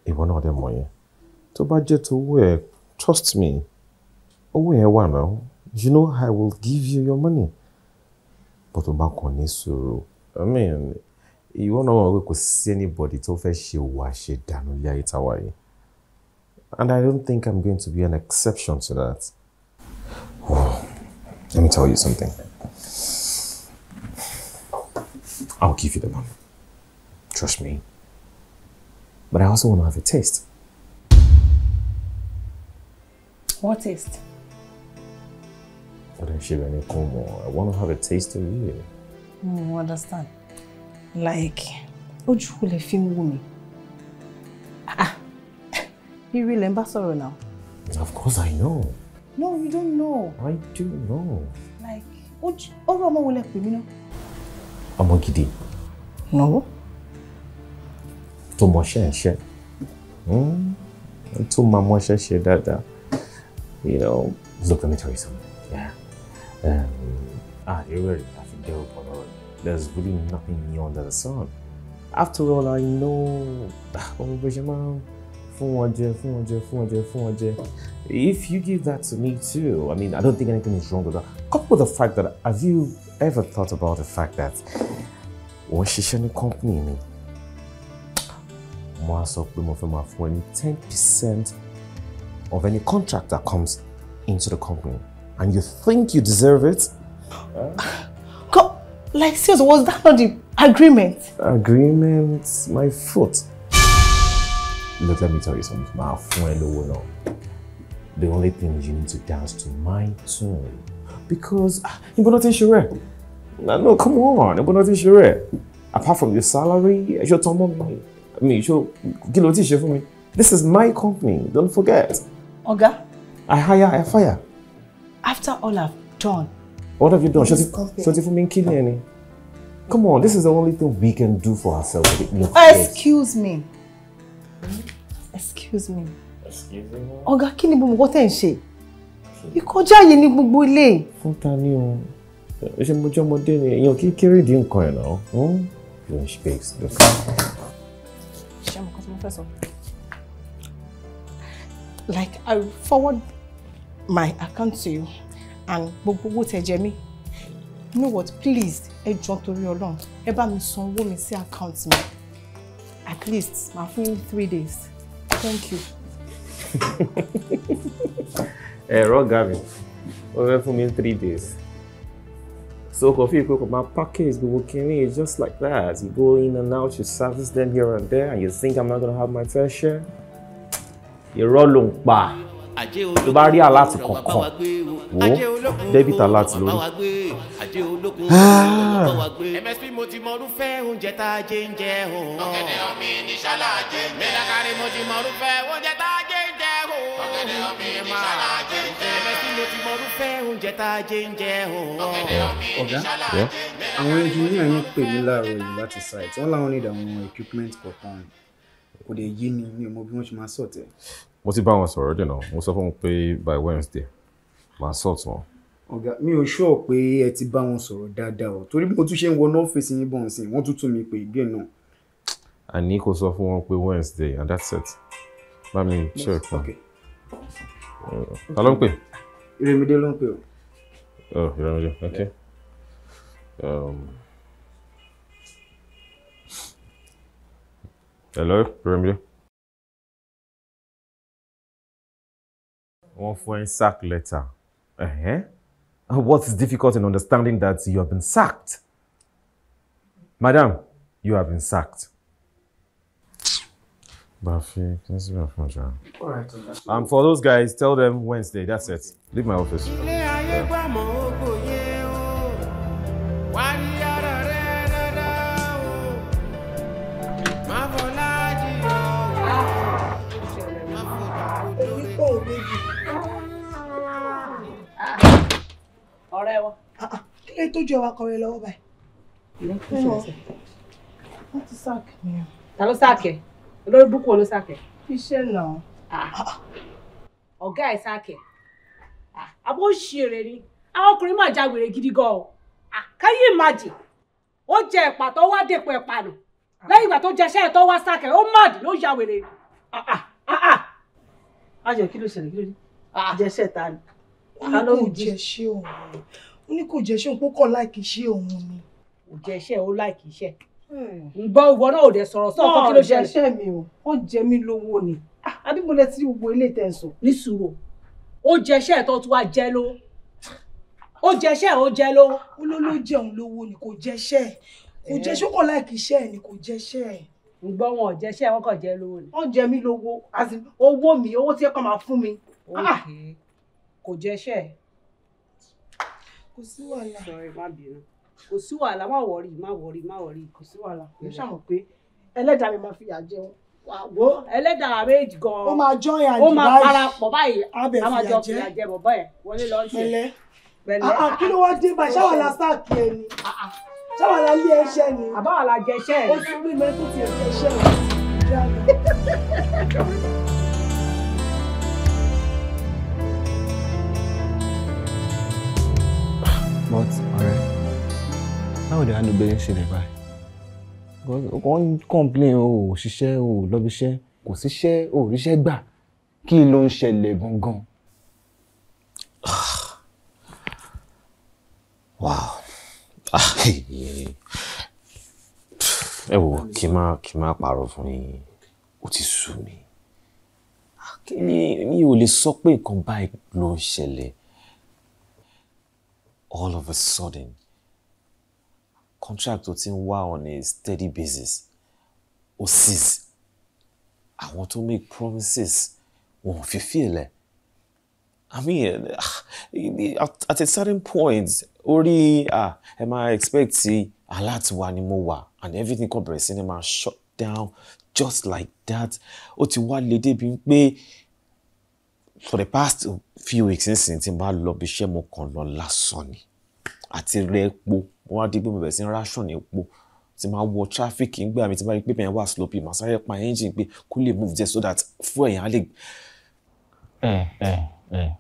If one of them yẹn. to budget to towó trust me. Oh, yẹn wà náà. You know I will give you your money. But to back on this, I mean, ìwọ náà wọ̀n pé kò see anybody tó fẹ́ she wash it, dànù ilé ayé táwa yìí. And I don't think I'm going to be an exception to that. Oh, let me tell you something. I'll give you the money. Trust me. But I also want to have a taste. What taste? I don't share any more. I want to have a taste of you. Mm, understand. Like, ojú lè fi ń wò mí. Ah, ah. <laughs> you real ambassador now? Of course I know. No, you don't know. I do know. Like, ojú, ọ̀rọ̀ ọmọ wo lẹ pè mí náà? ọmọ gidi. ìnáwó. tó mọṣẹ́ ẹ̀ ṣe hmm, tó máa mọṣẹ́ ṣe dáadáa you know look let me tell you something yeah um, ah you're I think they're upon all there's really nothing new under the sun after all I know <sighs> Oh, bó ṣe máa ń if you give that to me too I mean I don't think anything is wrong with that coupled with the fact that have you ever thought about the fact that when she should company accompany me, á sọ pé mo ten percent of any contract that comes into the company and you think you deserve it. God, <sighs> like seriously was that not the agreement. agreement my foot. Look, let me tell you something. my friend, ẹ lówó The only thing is you need to dance to my tune. because ibo ah, náà ti ń no come on ibo náà ti ń apart from your salary ẹ̀ṣọ́ tán mọ́ mi mi ìṣó kí ló ti ṣe for me. this is my company don't forget. Oga, I hire I fire. after all I've done. what have you done ṣo ti fún mi ń Come on, this is the only thing we can do for ourselves. Look, Excuse me. Excuse me. Excuse me. Ọ̀gá, kí ni gbogbo tẹ́ ìkọjá yìí ní gbogbo ilé. fún ta ni o ṣe mo jẹ́ ọmọdé ni èèyàn kí kéré dín nǹkan ẹ̀ náà hmm? ṣé mo kọ́ tí mo fẹ́ sọ? like I will forward my account to you and gbogbo owó tẹ jẹ mí you know what please ẹ jọ̀ọ́ torí Ọlọ́run ẹ bá mi san owó mi sí account mi at least ma fún you three days thank you. <laughs> ẹ̀rọ gavin ó fẹ́ fún mi ní three days so kò fi ìpè kò máa package gbogbo kínní just like that you go in and out you service them here and there and you think I'm not gonna have my fair share irọ́ ló ń pa tó bá rí aláàtì kọ̀ọ̀kan wo debit aláàtì lórí. Ah. msp mo ti mọ fẹ́ oúnjẹ tá a jẹ ń jẹ o. ọ̀gẹ̀dẹ̀ omi ní ṣálá jẹ́ mẹ́ta kárí mo ti mọ fẹ́ oúnjẹ tá a jẹ ọ̀gẹ̀dẹ̀ omi ìṣàlá jẹ́jẹ́. ẹlẹ́sìn ló ti mọ̀rú fẹ́ oúnjẹ tá a jẹ́ ń jẹ́ àwọn ẹnjìníà yẹn pè mí láàárọ̀ yìí láti site wọ́n láwọn nílò àwọn equipment kọ̀ọ̀kan kò lè yí ni mi ò mọ bí wọ́n ṣe máa sọ̀tẹ̀. mo ti bá wọn sọ̀rọ̀ dènà mo sọ fún wọn pé by Wednesday màá sọ̀t wọn. ọ̀gá mi ò ṣọ́ pé ẹ ti bá wọn sọ̀rọ̀ dáadáa o torí bí mo tún ṣe ń wọ ọ́fíìsì yín bọ̀ ọ̀sìn wọ́n tún tún mi pè bí náà. àní kò sọ fún wọn pé Wednesday and that's it bá mi check wọn. okay ta ló ń pè. Ìrèmídé ló ń pè o. oh Ìrèmídé ok. Um, hello Ìrèmídé. wọ́n fún ẹ sack letter. Uh-huh. Uh, what is difficult in understanding that you have been sacked? Madam, you have been sacked. Bafi, can I see my phone, John? All right. for those guys, tell them Wednesday. That's it. Leave my office. Yeah. ọ̀rẹ́ wọn. kílé tó jọ wa kọrin lọ́wọ́ báyìí. wọ́n sáàkì mi. ta ló sáàkì olórí búkú ló sàkẹ́. iṣẹ́ náà. Ah. ọ̀gá ẹ̀ sàkẹ́ ah, àbó ṣèrè ni àwọn ọkùnrin máa jáwèrè gidi gan o káyé ah, màjì ó jẹ ẹ̀pà tó wá dèpò ẹ̀pà nù lẹ́yìn ìgbà tó jẹṣẹ́ ẹ̀ tó wá sàkẹ́ ó màdì ló ya wèrè. ajọ kí ló ṣẹlẹ̀ kí ló dé jẹṣẹ́ ta ni. ká ló ń jẹṣẹ́ òun ó ní kò jẹṣẹ́ òun kó kọ́ láìkì iṣẹ́ òun ni. kò jẹṣẹ́ ó láìkì iṣẹ́ ǹgbọ́ ìwọ náà ò dẹ̀ sọ̀rọ̀ sọ ọkọ kí ló ṣẹlẹ̀. ọ̀rẹ́ mi o ó jẹ mí lówó ni ah, àbí mo lẹ ti wo ilé ìtẹ̀sùn. ní sùúrù ó jẹ iṣẹ́ tó tún wá jẹ́ ló ó jẹ iṣẹ́ ó jẹ́ ló. ó ló ló jẹun lówó ni kò jẹ iṣẹ́ kò jẹ ṣókò láìkí iṣẹ́ ni kò jẹ iṣẹ́. ǹgbọ́ wọn ò jẹ iṣẹ́ wọn kàn jẹ lówó ni. ó jẹ mí lówó owó mi owó tí ẹ kàn máa fún mi. Ah! kò jẹ iṣẹ́. kò sí wàhálà. sọ̀rọ̀ má bínú kò sí wàhálà má wọrí má wọrí má wọrí kò sí wàhálà mo ṣàmọ̀ pé ẹlẹ́dàá mi máa fi yà jẹun wo ẹlẹ́dàá méjì gan ó máa jọ yàn báyìí ó máa parapọ̀ báyìí a máa jọ fìyà jẹ bọ̀ báyìí wọlé lọ ṣe a ah, ah, kí ló wá dé báyìí ṣáwọn la sáàkì ẹ ni ah, ṣáwọn la lé ẹṣẹ ni àbáwọn la jẹ ẹṣẹ ẹ ó tún rí mẹ́tò tiẹ̀ fi ẹṣẹ rẹ̀ <laughs> báwo ni àánú bẹ́ẹ̀ ń ṣe lè báyìí wọ́n ń complain o ò ṣiṣẹ́ o ò lọ́bíṣẹ́ kò síṣẹ́ o ò ríṣẹ́ gbà kí ló ń ṣẹlẹ̀ gangan. <sighs> wow <sighs> ẹ wo kí n má kí n má pààrọ̀ fún yín ó ti sú mi kíni mi ò lè sọ pé nǹkan báyìí ló ń ṣẹlẹ̀ all of a sudden contract tó ti ń wá on a steady basis ó cease àwọn tó make promises wọn ò fi fílẹ̀ i mean at, ah, at a certain point orí ah ẹ máa expect ti aláàtiwá ni mo wà and everything kan bẹ̀rẹ̀ sí shut down just like that ó ti wá lé débi pé for the past few weeks nísìnyí tí n bá lọ bí iṣẹ́ mo kàn lọ lásán ni àti rẹ́pọ̀ mo wá di pé mo bẹ̀rẹ̀ sí ration ní epo ti máa wọ traffic ńgbà mi ti bá rí pé bẹ́ẹ̀ wà sloppy màá sáré pa engine pé kó lè move there so that fuel yẹn á lè. ẹ ẹ ẹ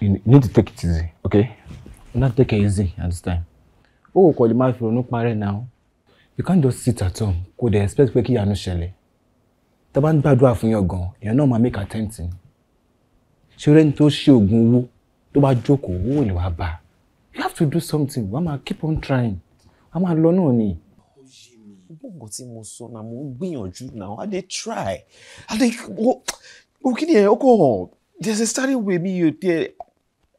you need to take it easy okay you no take it easy at this time ó wò kọ́ lè má fi ronú parẹ́ náà you can't just sit at home kò dey expect pé kí ìyanu ṣẹlẹ̀ tá a bá ń gbàdúrà fún yàn gan èèyàn náà máa make attempt ṣé rẹ́ni tó ṣe oògùn owó tó bá jókòó owó ìlú wa bá a you have to do something wàá keep on trying wàá máa lọ náà ni. gbogbo tí mo sọ náà mo ń gbìyànjú náà i dey try i dey òkè ni ẹ̀ ọkọ̀ There's a starting way me. yóò there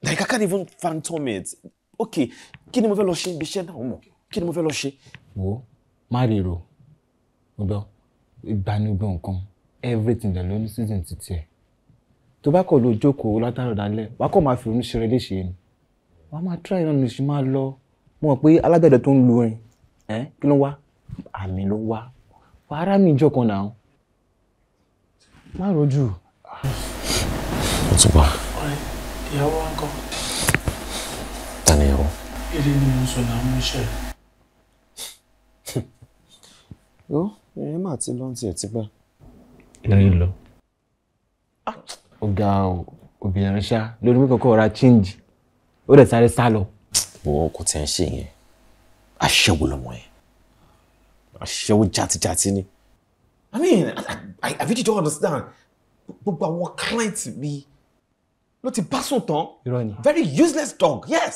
like i can't even phantom it okay kini mo fẹ́ lọ ṣe ibi iṣẹ́ náà mọ̀ kí mo fẹ́ lọ ṣe. wo má rèrò ọ̀dọ́ ìgbanúgbọ̀n nǹkan everything the ló season ti tiẹ̀ tó bá kọ̀ lọ jókòó látàrí dalẹ̀ ma kọ̀ máa fi ronú ṣe rẹ ni wàá máa try náà lè ṣe máa lọ mo mọ̀ pé alágbẹ̀dẹ tó ń lu orin ẹ̀ kí ló wá àmì ló wá wàá rà mí ìjọ kan náà má rojú. mo tún pa. ọ̀rẹ́ ìyàwó wa ń kọ́. ta ni ìyàwó. èdè ni mo sọ náà mo ṣe. ó ẹ̀rín mà ti lọ́n tiẹ̀ ti pẹ́. lórí lọ. ó ga obìnrin ṣá lórí mi kọ́kọ́ ra chíǹjì ó dẹ̀ sáré sá lọ. wọ́n kò tẹ̀ ń ṣe yẹn aṣẹ́wó lọ́mọ yẹn aṣẹ́wó jatijati ni i mean i i really don't understand gbogbo àwọn clients mi ló ti bá sùn tán very useless dog yes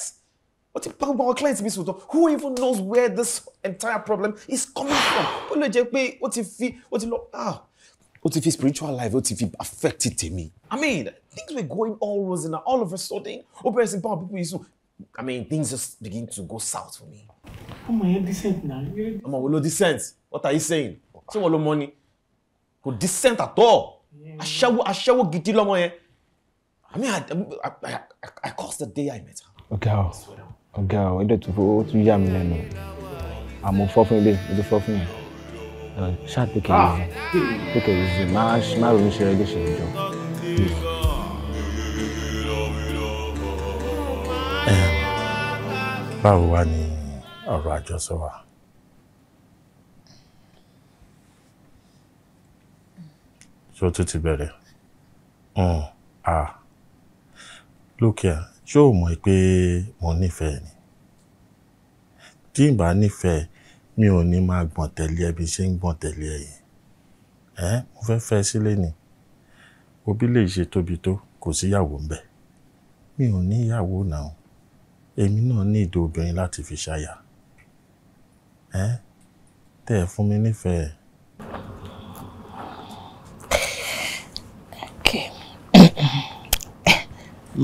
ó ti bá gbogbo àwọn clients mi sùn tán who even knows where this entire problem is coming from ó lè jẹ́ pé ó ti fi ó ti lọ ah ó ti fi spiritual life ó ti fi affect tèmi. i mean things were going all rosy na all of a sudden ó bẹ̀rẹ̀ sí bá àwọn people yìí sùn i mean things just begin to go south for me. ọmọ yẹn descent na. ọmọ wo descent. what are you saying ṣé wọn ló mọ ni kò decent at all aṣẹ́wó aṣẹ́wó gidi lọ́mọ yẹn i mean i i i, I cursed the day i met her. ọ̀gá ọ̀ ọ̀gá ọ̀ ẹ̀dẹ̀ tó fọ́ ó tún yà mí lẹ́nu àmọ́ fọ́ fún ilé ó ti fọ́ fún yẹn ṣáà tèkè yìí tèkè yìí sí má má ronú ṣe rẹ́gẹ́ ṣe ìjọ. báwo wá ni ọ̀rọ̀ àjọsọ wa. ṣé o tún ti bẹ̀rẹ̀? Hmm, ah. lókè ṣé o mọ̀ pé mo ni tí n bá mi ò ní máa gbọ̀n tẹ̀lé ẹ bí ṣe ń gbọ̀n tẹ̀lé ẹ yìí ẹ mo fẹ́ fẹ́ sílé ni òbí lè ṣe tóbi tó kò síyàwó ń bẹ mi ò ní ìyàwó náà èmi náà ní ìdó obìnrin láti fi ṣàyà ẹ tẹ́ ẹ fún mi nífẹ̀ẹ́.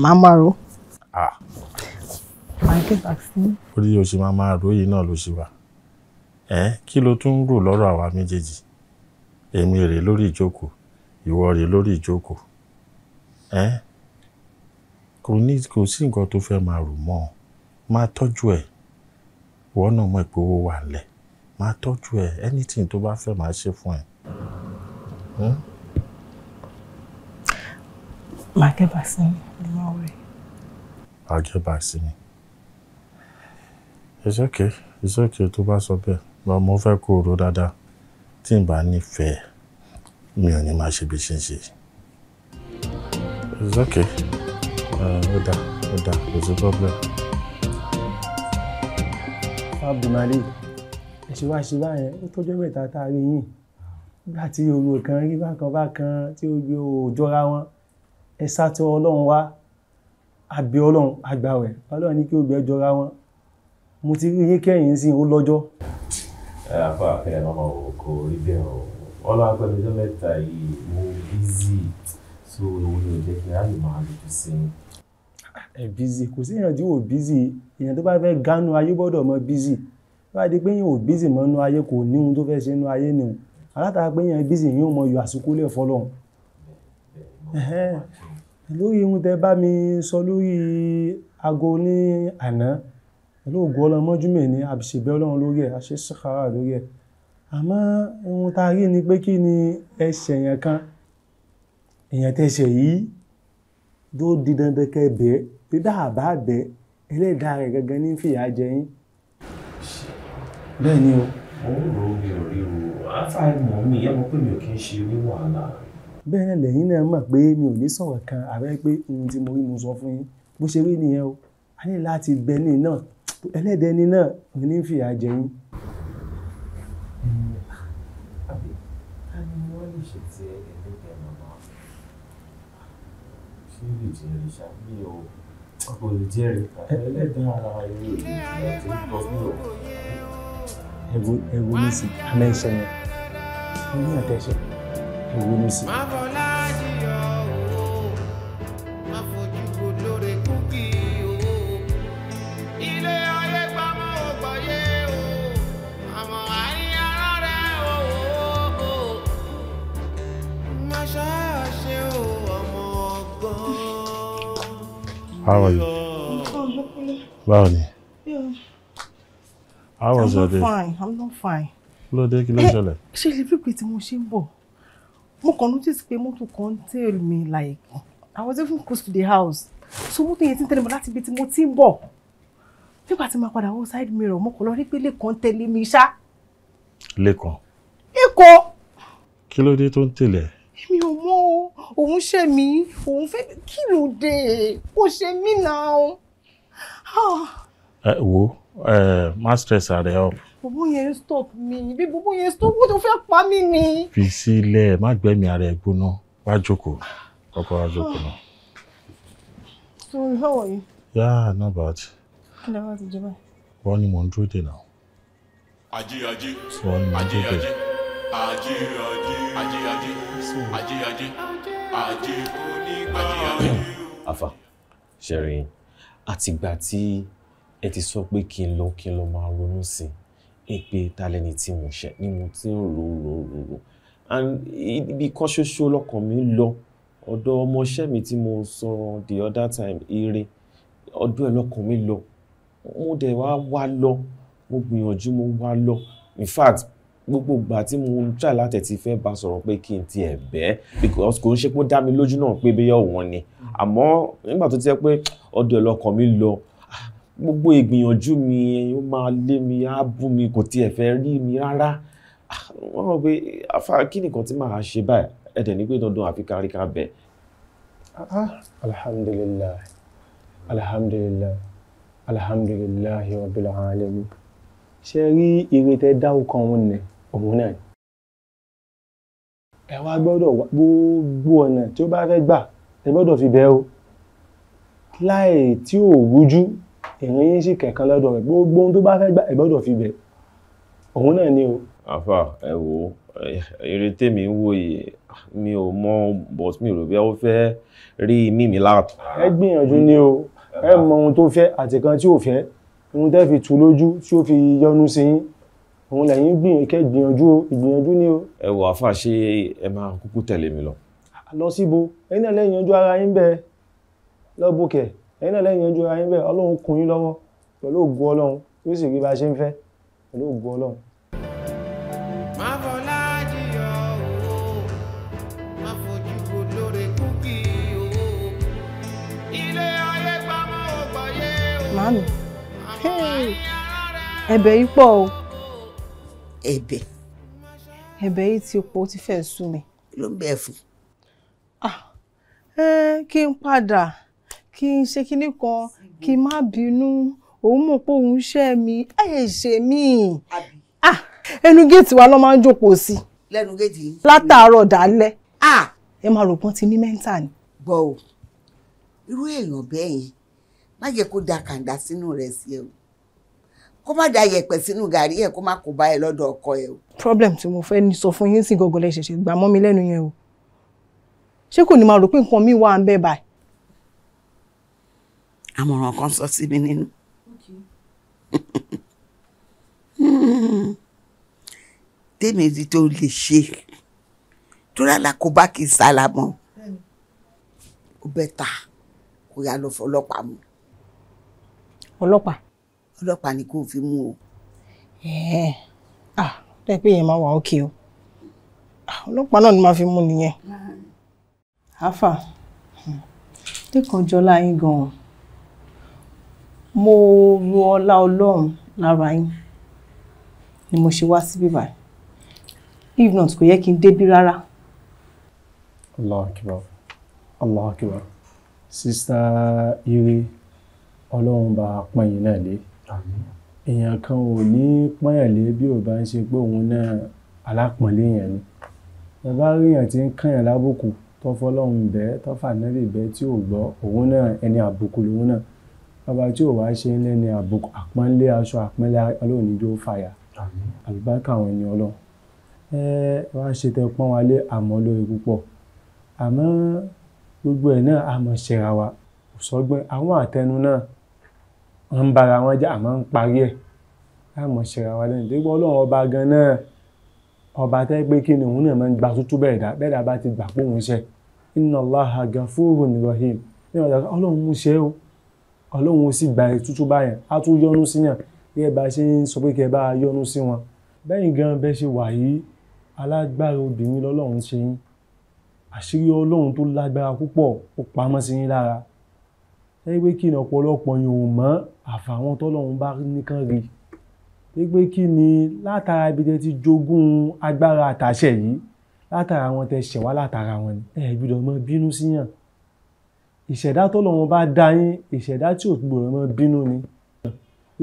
<coughs> màá ro. ah. i get vaccine. orí oṣù máa máa ro yìí náà ló ṣe wà ẹ kí ló tún ń rò lọ́rọ̀ àwa méjèèjì èmi rèé lórí ìjókòó ìwọ rèé lórí ìjókòó ẹ kò ní kò sí nǹkan tó fẹ́ máa rò mọ́ ọ máa tọ́jú ẹ̀ wọ́n náà mọ̀ pé owó wà lẹ̀ máa tọ́jú ẹ̀ anything tó bá fẹ́ máa ṣe fún ẹ̀. Hm? màá get back sí mi ní wọ́n rí. I'll get back sí mi. It's okay, it's okay tó bá sọ bẹ́ẹ̀ lọ mo fẹ́ kó ro dáadáa tí n bá nífẹ̀ẹ́ mi ò ní máa ṣe bí ṣe it's okay uh, ó dáa ó dáa kò problem. abdulmalik ẹ̀sìn wá ṣe báyẹn ó tọ́jọ́ mẹ́ta tá a rí yín nígbà tí oru kan rí bákan bákan tí ojú ò jọra wọn ẹ sátọ ọlọ́run wá àbí ọlọ́run àgbà ọlọ́run ní kí ojú ẹ jọra wọn mo ti rí yín kẹ́yìn sí i ó lọ́jọ́ àfa àkẹyà náà máa wò kó rí bẹ́ẹ̀ o ọlá pẹ́lẹ́jọ́ mẹ́ta yìí mo bízì ni ò jẹ́ kí ráàyè máa lójú sí i. ẹ bízì kò sí èèyàn tí ò bízì èèyàn tó bá fẹ́ gánú ayé gbọ́dọ̀ mọ bízì tó bá di pé èèyàn ò bízì mọ́ nú ayé kò ní ohun tó fẹ́ ṣe nú ayé nìhun alátara pé èèyàn bízì yìí ó mọ yọ mi sọ lórí aago ní àná pẹ̀lú ògùn ọlọ́mọ́jú mẹ́ni àbìṣègbè ọlọ́run lórí ẹ̀ àṣẹ sàkárà lórí ẹ̀ àmọ́ ohun tá a rí ni pé kí ni ẹ̀ṣẹ̀ yẹn kan èèyàn tẹ̀ṣẹ̀ yìí yóò di dandan kẹ́ bẹ́ẹ̀ bí bá a bá bẹ́ẹ̀ gangan ní fìyà jẹ yín. bẹ́ẹ̀ ni o. mo ń rò mi ò rí o àfàìmọ̀ mi ìyá mo pé mi ò kí ń ṣe ní wàhálà. bẹ́ẹ̀ náà lẹ́yìn náà mọ̀ pé mi ò ní sọ̀rọ̀ kan àbẹ́ pé ohun tí mo rí mo sọ fún yín bó ṣe rí nìyẹn o a ní láti gbẹ ní náà ẹlẹ́dẹ̀ ni náà mo ní fìyà jẹ yín. ẹ̀wù ẹ̀wù ní sí àmẹ́sẹ̀ yẹn ẹ̀wù ní àtẹ̀sẹ̀ ẹ̀wù ní sí. How are you? Báwo ni? How was your day? I'm not fine. I'm not fine. Kí ló dé? Kí ló eh, ṣẹlẹ̀? Ṣé ilé pípé tí mo ṣe ń bọ̀? Mo kàn notice like I was even close to the house. So mọ́tò yẹn ti ń tẹ̀lé mi láti ibi tí mo ti ń bọ̀. Nígbà tí mo padà wọ side mirror, mo kàn lọ rí pé Lékan tẹ̀lé mi ṣá. Lékan. Lékan. Kí ló dé tó ń tẹ̀lé ẹ? èmi ò mọ o òun ṣe mí òun fẹ́ kí ló dé kó ṣe mí náà o. Ah. ẹ wo ẹ má stress ààrẹ ọ. Bubu, yẹn stop mi bí bùbú yẹn stop wọ́n tó fẹ́ pa mí ni. fi sílẹ̀ má gbẹ̀mí ara ẹ̀ gbóná wá jókòó kọ́kọ́ wá jókòó náà. sorry how are you. yeah not bad. kí lè wá ti jẹ báyìí. wọ́n ní mò ń dúró dè náà. ajé ajé ajé ajé ajé ajé ajé ajé ajé ajé onígbà hmm. ajé. àfà ṣẹ̀rìn àtìgbà tí ẹ ti sọ pé kí n lọ kí n lọ máa ronú sí i pé ta lẹni tí mo ṣe ni mo ti ń rò rò rò rò and ibi kan ṣoṣo lọkàn mi lọ ọ̀dọ̀ ọmọọṣẹ́ mi tí mo sọ the other time ire ọ̀dọ̀ ẹ̀ lọkàn mi lọ mo dẹ̀ wá wá lọ mo gbìyànjú mo wá lọ in fact gbogbo ìgbà tí mo ń try láti ti fẹ́ bá sọ̀rọ̀ pé kí n ti ẹ̀ bẹ́ because kò ń ṣe pé ó dá mi lójú náà pé bẹ́yẹ̀ wọ́n ni àmọ́ nígbà tó ti jẹ́ pé ọ̀dọ̀ ẹlọ́kàn mi lọ ah, gbogbo ìgbìyànjú mi ó máa lé mi á bú mi kò tiẹ̀ fẹ́ rí mi rárá ah, wọ́n rò pé afa kí nìkan tí màá ṣe báyìí ẹ̀dẹ̀ ní pé dandan àfi kárí ká bẹ̀. Ah, alhamdulilayi alhamdulilayi alhamdulilayi rabbil alamin ṣe rí ire tẹ dáhùn kan òun nìyẹn òun náà ni. ẹ wá gbọ́dọ̀ gbogbo ọ̀nà tí ó bá fẹ́ gbà ẹ gbọ́dọ̀ fi bẹ́ o láì tí ò rújú ìrìn yín sì kẹ̀kan lọ́dọ̀ rẹ̀ gbogbo ohun tó bá fẹ́ gbà ẹ gbọ́dọ̀ fi bẹ́ òun náà ni o. àfà ẹ wò ó eré tèmi ń wò mi ò mọ bọ́s mi rò bí ó fẹ́ rí mímí láàtọ̀. ẹ gbìyànjú ni o ẹ mọ ohun tó fẹ́ àti tí ò fẹ́ ohun tẹ́ fi tu lójú tí ó fi yọnu sí yín òun lẹ́yìn gbìyànjú gbìyànjú ìgbìyànjú ni o. ẹ àfà ṣé ẹ máa kúkú tẹ̀lé mi lọ. lọ síbo ẹ̀yin náà lẹ́yìn yanjú ara yín bẹ́ẹ̀ lọ́bùkẹ̀ ẹ̀yin náà lẹ́yìn yanjú ara yín bẹ́ẹ̀ ọlọ́run kún yín lọ́wọ́ pẹ̀lú ògùn ọlọ́run yóò sì rí bá a ṣe ń fẹ́ pẹ̀lú ògùn ọlọ́run. Màámi, ẹ̀bẹ̀ yìí pọ̀ o ẹ̀bẹ̀. ẹ̀bẹ̀ yìí ti pọ̀ ti fẹ́ sú mi. kí ló ń bẹ̀ fún. kí n padà kí n ṣe kinní kan kí n má bínú òun mọ̀ pé òun ṣẹ́ mi ẹ̀ ṣe mí. ẹnu géètì wa ló máa ń jókòó sí. lẹ́nu géètì yìí. látàárọ̀ dálẹ́. ẹ máa rò ti ní mẹ́ńtà ni. gbọ́ o irú èèyàn bẹ́ẹ̀ yẹn má jẹ́ kó da kàǹdà sínú rẹ̀ sí ẹ o kó má da yẹ̀pẹ̀ sínú gàrí ẹ̀ kó má kó bá ẹ lọ́dọ̀ ọkọ ẹ o. problem tí mo fẹ́ sọ fún yín sí gọ́gọ́ lẹ ṣẹ̀ṣẹ̀ gbà mọ́ mi lẹ́nu yẹn o ṣé kò ní máa rò pé nǹkan míì wà ń bẹ́ẹ̀ báyìí. àmọ̀ràn kan sọ sí mi nínú. <laughs> tèmi di tó lè ṣe tó rárá kó bá kì í sálámọ́ ó bẹ́ ta kó yá lọ fọlọ́pàá mu. ọlọ́pàá ọlọ́pàá ni kò fi mú o. ẹ̀ẹ́ ah dẹ́ pé yẹn máa wà ókè o ah, ọlọ́pàá náà ni máa fi mú nìyẹn. àáfà lẹ́kàn hmm, jọlá yín gan-an mo ro ọlá ọlọ́run lára yín ni mo ṣe wá síbí báyìí if not kò yẹ kí n débí rárá. allah akibar allah akibar sista ire ọlọ́run bá pọ́n yín náà lé èèyàn kan ò ní pọ́nyànlé bí ò bá ń ṣe pé òun náà alápọ̀nlé yẹn ni bàbá ríyàn tí ń kànyàn lábùkù tó fọlọ́run bẹ́ẹ̀ tó fànẹ́bì bẹ́ẹ̀ tí ò gbọ́ òun náà ẹni àbùkù lòun náà bàbá tí ò wá ṣe ń lẹ́ni àbùkù àpọ́nlé aṣọ àpọ́nlé alóòníjó fàyà àlùbáríkà àwọn ènìyàn lọ ẹ wá ṣe tẹ pọ́n wa lé àmọ́ lórí púpọ̀ àmọ́ gbogbo ẹ̀ náà àmọ́ ṣẹra wa òṣọ́gbọ́n àwọn àtẹnu náà wọ́n ń bára wọn jà àmọ́ ń parí ẹ̀ láàmú ṣera wa lẹ́yìn lẹ́gbọ́n ọlọ́run ọba gan náà ọba tẹ́ pé kí ni òun náà máa ń gba tútú bẹ́ẹ̀ dá bẹ́ẹ̀ dá bá ti gbà póhùn ṣe inna Allaha gafurun rahim ní ọ̀dà ọlọ́run mú ṣe o ọlọ́run ó sì gba tútú báyẹn á tún yọ́nú sí yàn bí ẹ bá ṣe ń sọ pé kí ẹ bá yọ́nú sí wọn bẹ́yìn gan bẹ́ ṣe wà yìí alágbára obìnrin lọ́lọ́run ṣe yín àṣírí ọlọ́run tó lágbára púpọ̀ ó pamọ́ sí yín lára ẹ pé kí ni ọ̀pọ̀lọpọ̀ yòó mọ́ àfàwọn tọ́lọ́run bá nìkan rí pé kí ni látara ibi tẹ́ ti jogún agbára àtàṣẹ yìí látara wọn tẹ́ ṣẹ̀wá látara wọn ni ẹ gbọ́dọ̀ mọ bínú síyàn ìṣẹ̀dá tọ́lọ́run bá dá yín ìṣẹ̀dá tí ò gbọ́dọ̀ mọ bínú ni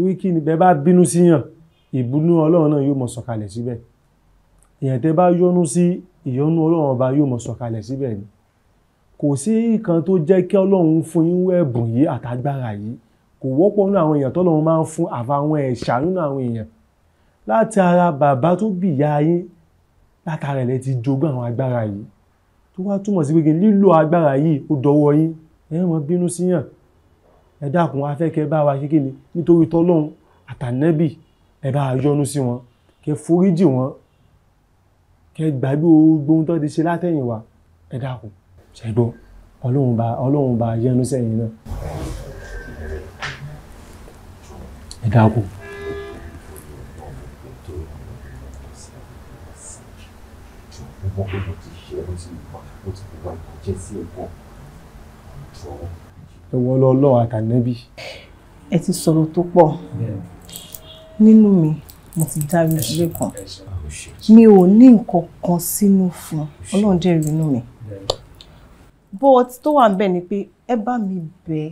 wí kí ni bẹ́ẹ̀ bá bínú síyàn ìbínú ọlọ́run náà yóò mọ̀ sọ̀kalẹ̀ síbẹ̀ èèyàn tẹ́ bá yọ́nú sí ìyọ́nú ọlọ́run ọba yóò mọ̀ sọ̀kalẹ̀ síbẹ̀ ni kò sí nǹkan tó jẹ́ kí ọlọ́run fún yín wẹ̀bùn yìí àtagbára yìí kò wọ́pọ̀ nínú àwọn èèyàn tọ́lọ́run máa ń fún àfàwọn ẹ̀ṣà nínú àwọn èèyàn láti ara bàbá tó bìyà yín látara ẹ̀ ti jogún àwọn agbára yìí tó wá túmọ̀ sí pé lílo agbára yìí ó dọwọ́ yín ẹ má bínú síyàn ẹ dákun afẹ́kẹ́ bá wa kékeré nítorí tọ́lọ́run àtànẹ́bì ẹ bá yọ́nú sí wọn kẹ foríjì wọn kẹ gbàgbé gbogbo ohun tó ti ṣe látẹ̀yìnwá ẹ dákun ṣẹ́gbọ́ ọlọ́run bá ọlọ́run bá yẹnu sẹ́yìn náà. ẹ dáko. ẹ̀wọ̀n lọ lọ́wọ́ àtànẹ́bí. ẹ ti sọ̀rọ̀ tó pọ̀ nínú mi mo ti dárí ìdílé kan mi ò ní nǹkan kan sínú fún ọlọ́run dẹ̀ rínú mi bó ọtí tó wà ń bẹ̀ ni pé ẹ bá mi bẹ̀ẹ́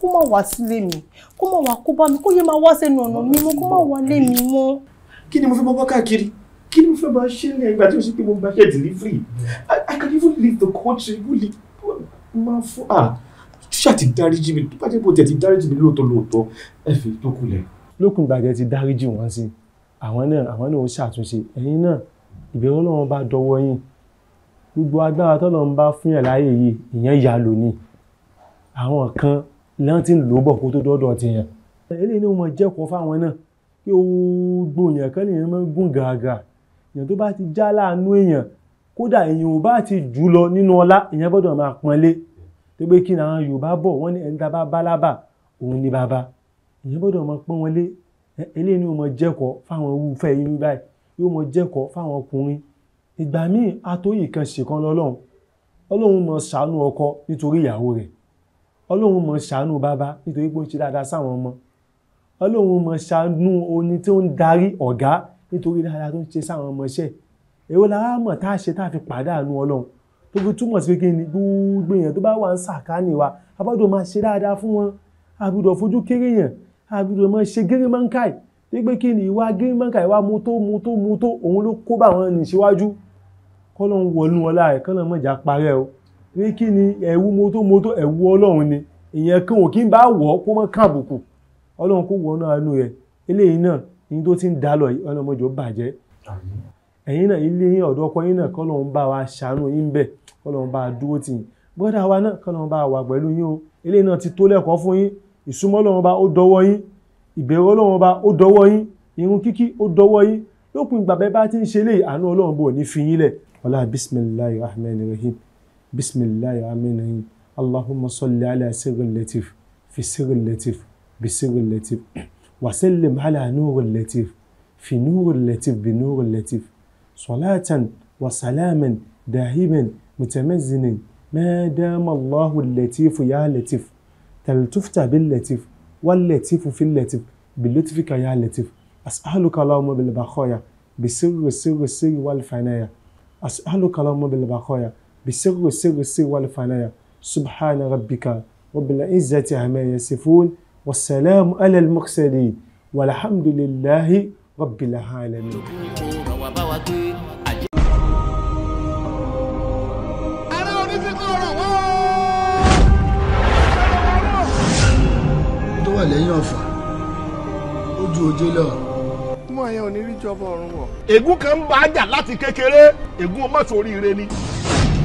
kó má wá sílé mi kó má wá kó bá mi kó yẹ máa wá sẹ́nu ọ̀nà mi mo kó má wá lé mi mọ́. kí ni mo fẹ́ bọ́ káàkiri kí ni mo fẹ́ bá ṣe ní ẹgbàá tí o ṣe pé mo bá ṣe delivery I can even leave the country wúlì máa fún à ṣáà ti dáríjì mi tó bá jẹ́ pé o tẹ̀ ti dáríjì mi lóòótọ́ lóòótọ́ ẹ fi tó kulẹ̀. lókun ìgbàjẹ́ ti dáríjì wọ́n sí àwọn náà àwọn náà ó ṣàtúnṣe ẹ̀yin náà ìbẹ̀rù Ọlọ́run bá dọwọ́ yín gbogbo agbára tọ́lọ́run bá fún yàn láàyè yìí ìyẹn yà lónìí àwọn kan lẹ́yìn tí kó tó dọ́dọ̀ ti yẹn. eléyìí ni wọ́n jẹ́kọ̀ọ́ fáwọn náà kí o gbòòyàn kan lèèyàn máa gùn gàgà èèyàn tó bá ti já láàánú èèyàn kódà èèyàn ò bá ti jù lọ nínú ọlá èèyàn gbọ́dọ̀ máa pọ́nlé tó pé kí ni àwọn Yorùbá bọ̀ wọ́n ní ẹni tá bá òun ni bàbá èèyàn gbọ́dọ̀ máa pọ́n wọn lé ni wọ́n jẹ́kọ̀ọ́ fáwọn irúfẹ́ irú báyìí yóò mọ jẹ́kọ̀ọ́ fáwọn ọkùnrin ìgbà míì atóyè kan ṣèkan lọ́lọ́run Ọlọ́run mọ ṣàánú ọkọ nítorí ìyàwó rẹ̀ ọlọ́run mọ̀ ṣàánú bàbá nítorí pé ó ń ṣe dáadáa sáwọn ọmọ ọlọ́run mọ̀ ṣàánú oní tí ó ń darí ọ̀gá nítorí dáadáa tó ń ṣe sáwọn ọmọ iṣẹ́ èwo lára mọ̀ tá a ṣe tá a fi pàdánù ọlọ́run tó fi túmọ̀ sí pé kí ni gbogbo èèyàn tó bá wà ń sàkánì wa a gbọ́dọ̀ máa ṣe dáadáa fún wọn a gbọ́dọ̀ fojú kéré yàn a gbọ́dọ̀ máa ṣe gírímọ́ǹkàì pé kí ni ìwà gírímọ́ǹkàì wa mu tó mu tó mu tó òun ló kó bá wọn nìṣíwájú kọ́lọ́n wọnú ọlá rẹ̀ kọ́lọ́n mọ̀jà parẹ́ o pé kí ni ẹ̀wù mọ́tò mọ́tò ẹ̀wù ọlọ́run ni ìyẹn kí òun kí n bá wọ̀ ọ́ kó mọ́ kàbùkù ọlọ́run kó wọ̀ ọ́ náà nù rẹ̀ eléyìí náà ní tó ti ń dá lọ ọlọ́mọjọ́ bàjẹ́ ẹ̀yin náà ilé yín ọ̀dọ́ ọkọ yín náà kọ́lọ́run bá wa ṣàánú yín bẹ̀ kọ́lọ́run bá dúró tì yín bọ́dà wa náà kọ́lọ́run bá wà pẹ̀lú yín o eléyìí náà ti tó lẹ́kọ̀ọ́ fún yín ìsúnmọ́ Ọlọ́run bá ó dọwọ́ yín ìbẹ̀rù Ọlọ́run bá ó dọwọ́ yín irun بسم الله الرحمن اللهم صل على سر اللطيف في سر اللطيف بسر اللطيف وسلم على نور اللطيف في نور اللطيف بنور اللطيف صلاة وسلاما دائما متمزنا ما دام الله اللطيف يا لطيف تلتفت باللطيف واللطيف في اللطيف بلطفك يا لطيف أسألك اللهم بالبخايا بسر السر السر والفنايا أسألك اللهم بالبخايا بسر السر السر والفنايا سبحان ربك رب العزة عما يصفون والسلام على المرسلين والحمد لله رب العالمين tó wà lẹ́yìn ọ̀fà ojú òjé lọ. mú àyẹ̀ ò ní rí jọba ọ̀run wọ̀. ègún kan ń bá a jà láti kékeré ègún ọmọ sórí ire ni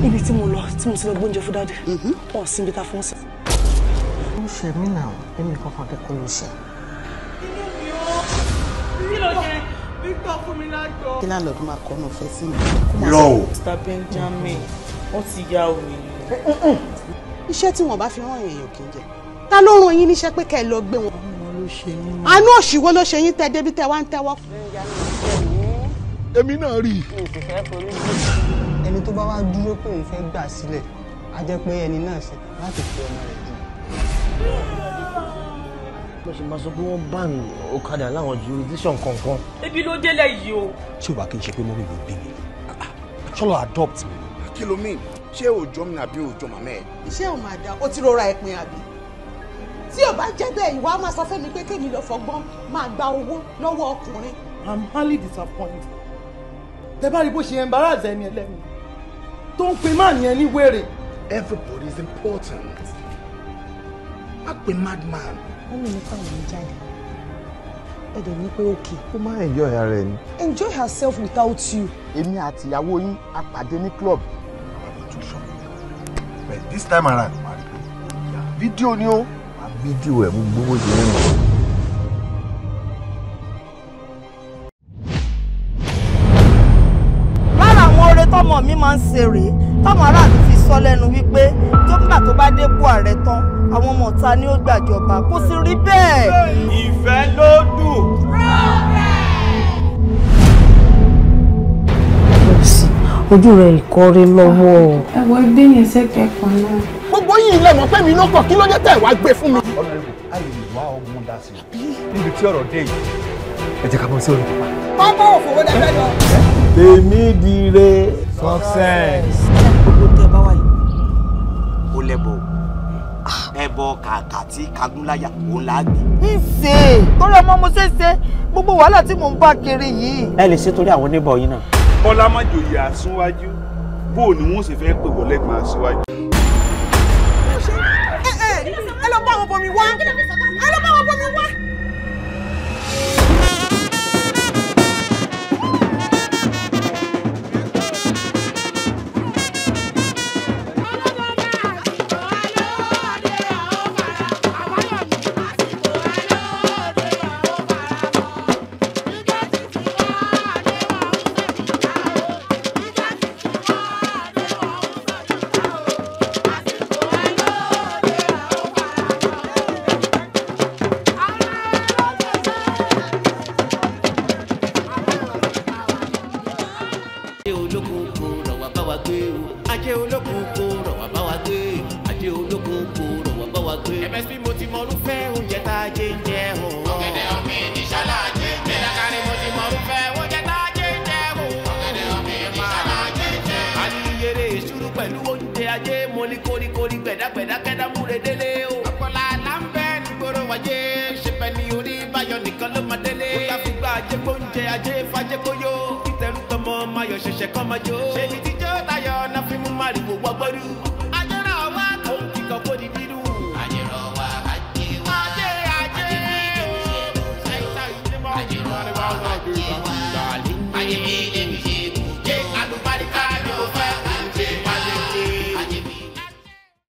ibi tí mo lọ tí mo ti lọ gbóúnjẹ fún dáadé mhm. wọn sì ń bí ta fún sí. ó ṣe mí náà èmi kankan kí kò ló ṣe. inú mi ò sí lóye Victor fún mi lájọ. kí láńlọ́ọ̀dún máa kọ́ ọ́nà ọ̀fẹ́ sí mi. lọ o. Mr Benjamin wọ́n ti ya òun. iṣẹ́ tí wọ́n bá fi rán èèyàn kì í jẹ ta ló rán yín níṣẹ́ pé kẹ́ ẹ lọ gbé wọn. àánú òṣìwó ló ṣe yín tẹ débi tẹ wá ń tẹ́wọ́. èmi náà rí i ẹni tó bá wá dúró pé òun fẹ́ gbà sílẹ̀ á jẹ́ pé ẹni náà ṣe láti fi ọmọ rẹ̀ dùn. mo ṣe máa sọ pé wọ́n bán ọ̀kadà láwọn jurisdiction kọ̀ọ̀kan. ebi ló délẹ̀ yìí o. tí o bá kí n ṣe pé mọ́mí ló bí mi ṣọlọ adopt mi. kí ló mean ṣé òòjọ́ mi àbí òòjọ́ màmá ẹ̀. iṣẹ́ ò máa da ó ti rọra ẹ̀pin àbí tí ò bá jẹ́ bẹ́ẹ̀ ìwà máa sọ fẹ́mi pé kémi lọ fọgbọ́n máa gba owó lọ́wọ́ ọkùnrin. I'm highly disappointed. tẹ bá rí bó ṣe embarrass ẹni ẹlẹ́nu tó ń pe máà nìyẹn ní wèrè. everybody is important má pe madman. wọ́n ní nípa àwọn ọmọ jáde ẹ dẹ̀ ní pé òkè. ó máa enjoy ara ẹni. enjoy herself without you. èmi àti ìyàwó yín a pàdé ní club. but this time around fídíò ni ó. a fídíò ẹ̀ mú gbogbo ṣe é táwọn aráàlú fi sọ lẹ́nu wípé tó nígbà tó bá dépò ààrẹ tán àwọn ọmọ ọ̀tá ni ó gbàjọba kó sì rí bẹ́ẹ̀. ìfẹ́ ló dùn. ojú rẹ̀ ìkọrí lọ́wọ́. ẹ̀wọ̀ ẹgbẹ́ yẹn sẹ́kẹ̀ẹ́ kan náà. gbogbo yìí lẹ́mọ̀ pé mi ló kàn kí ló jẹ́ tẹ̀ wá gbé fún mi. ọ̀nà ìlú àyè ìwà ọgbọ́n dá sí i níbi tí ọ̀rọ̀ dé yìí ẹ jẹ́ ká bọ́ sí orí pípa. pápá òfòwò dẹ́gbẹ́ lọ. èmi dire success gbogbo tẹ́ ẹ bá wáyé ó lẹ́bọ̀ ah. ẹbọ kàkà tí kagúnláyà òun là á gbé. ń ṣe torí ọmọ mo ṣe ṣe gbogbo wàhálà tí mò ń bá kiri yìí. ẹ lè ṣe torí àwọn oníbọ̀ yìí náà. bọ́lá májòyè àsúnwájú bó o ní wọ́n sì fẹ́ pè wọlé gan aṣíwájú. ẹ ẹ ẹ lọ bá àwọn ọmọ mi wá ẹ lọ bá àwọn ọmọ mi wá.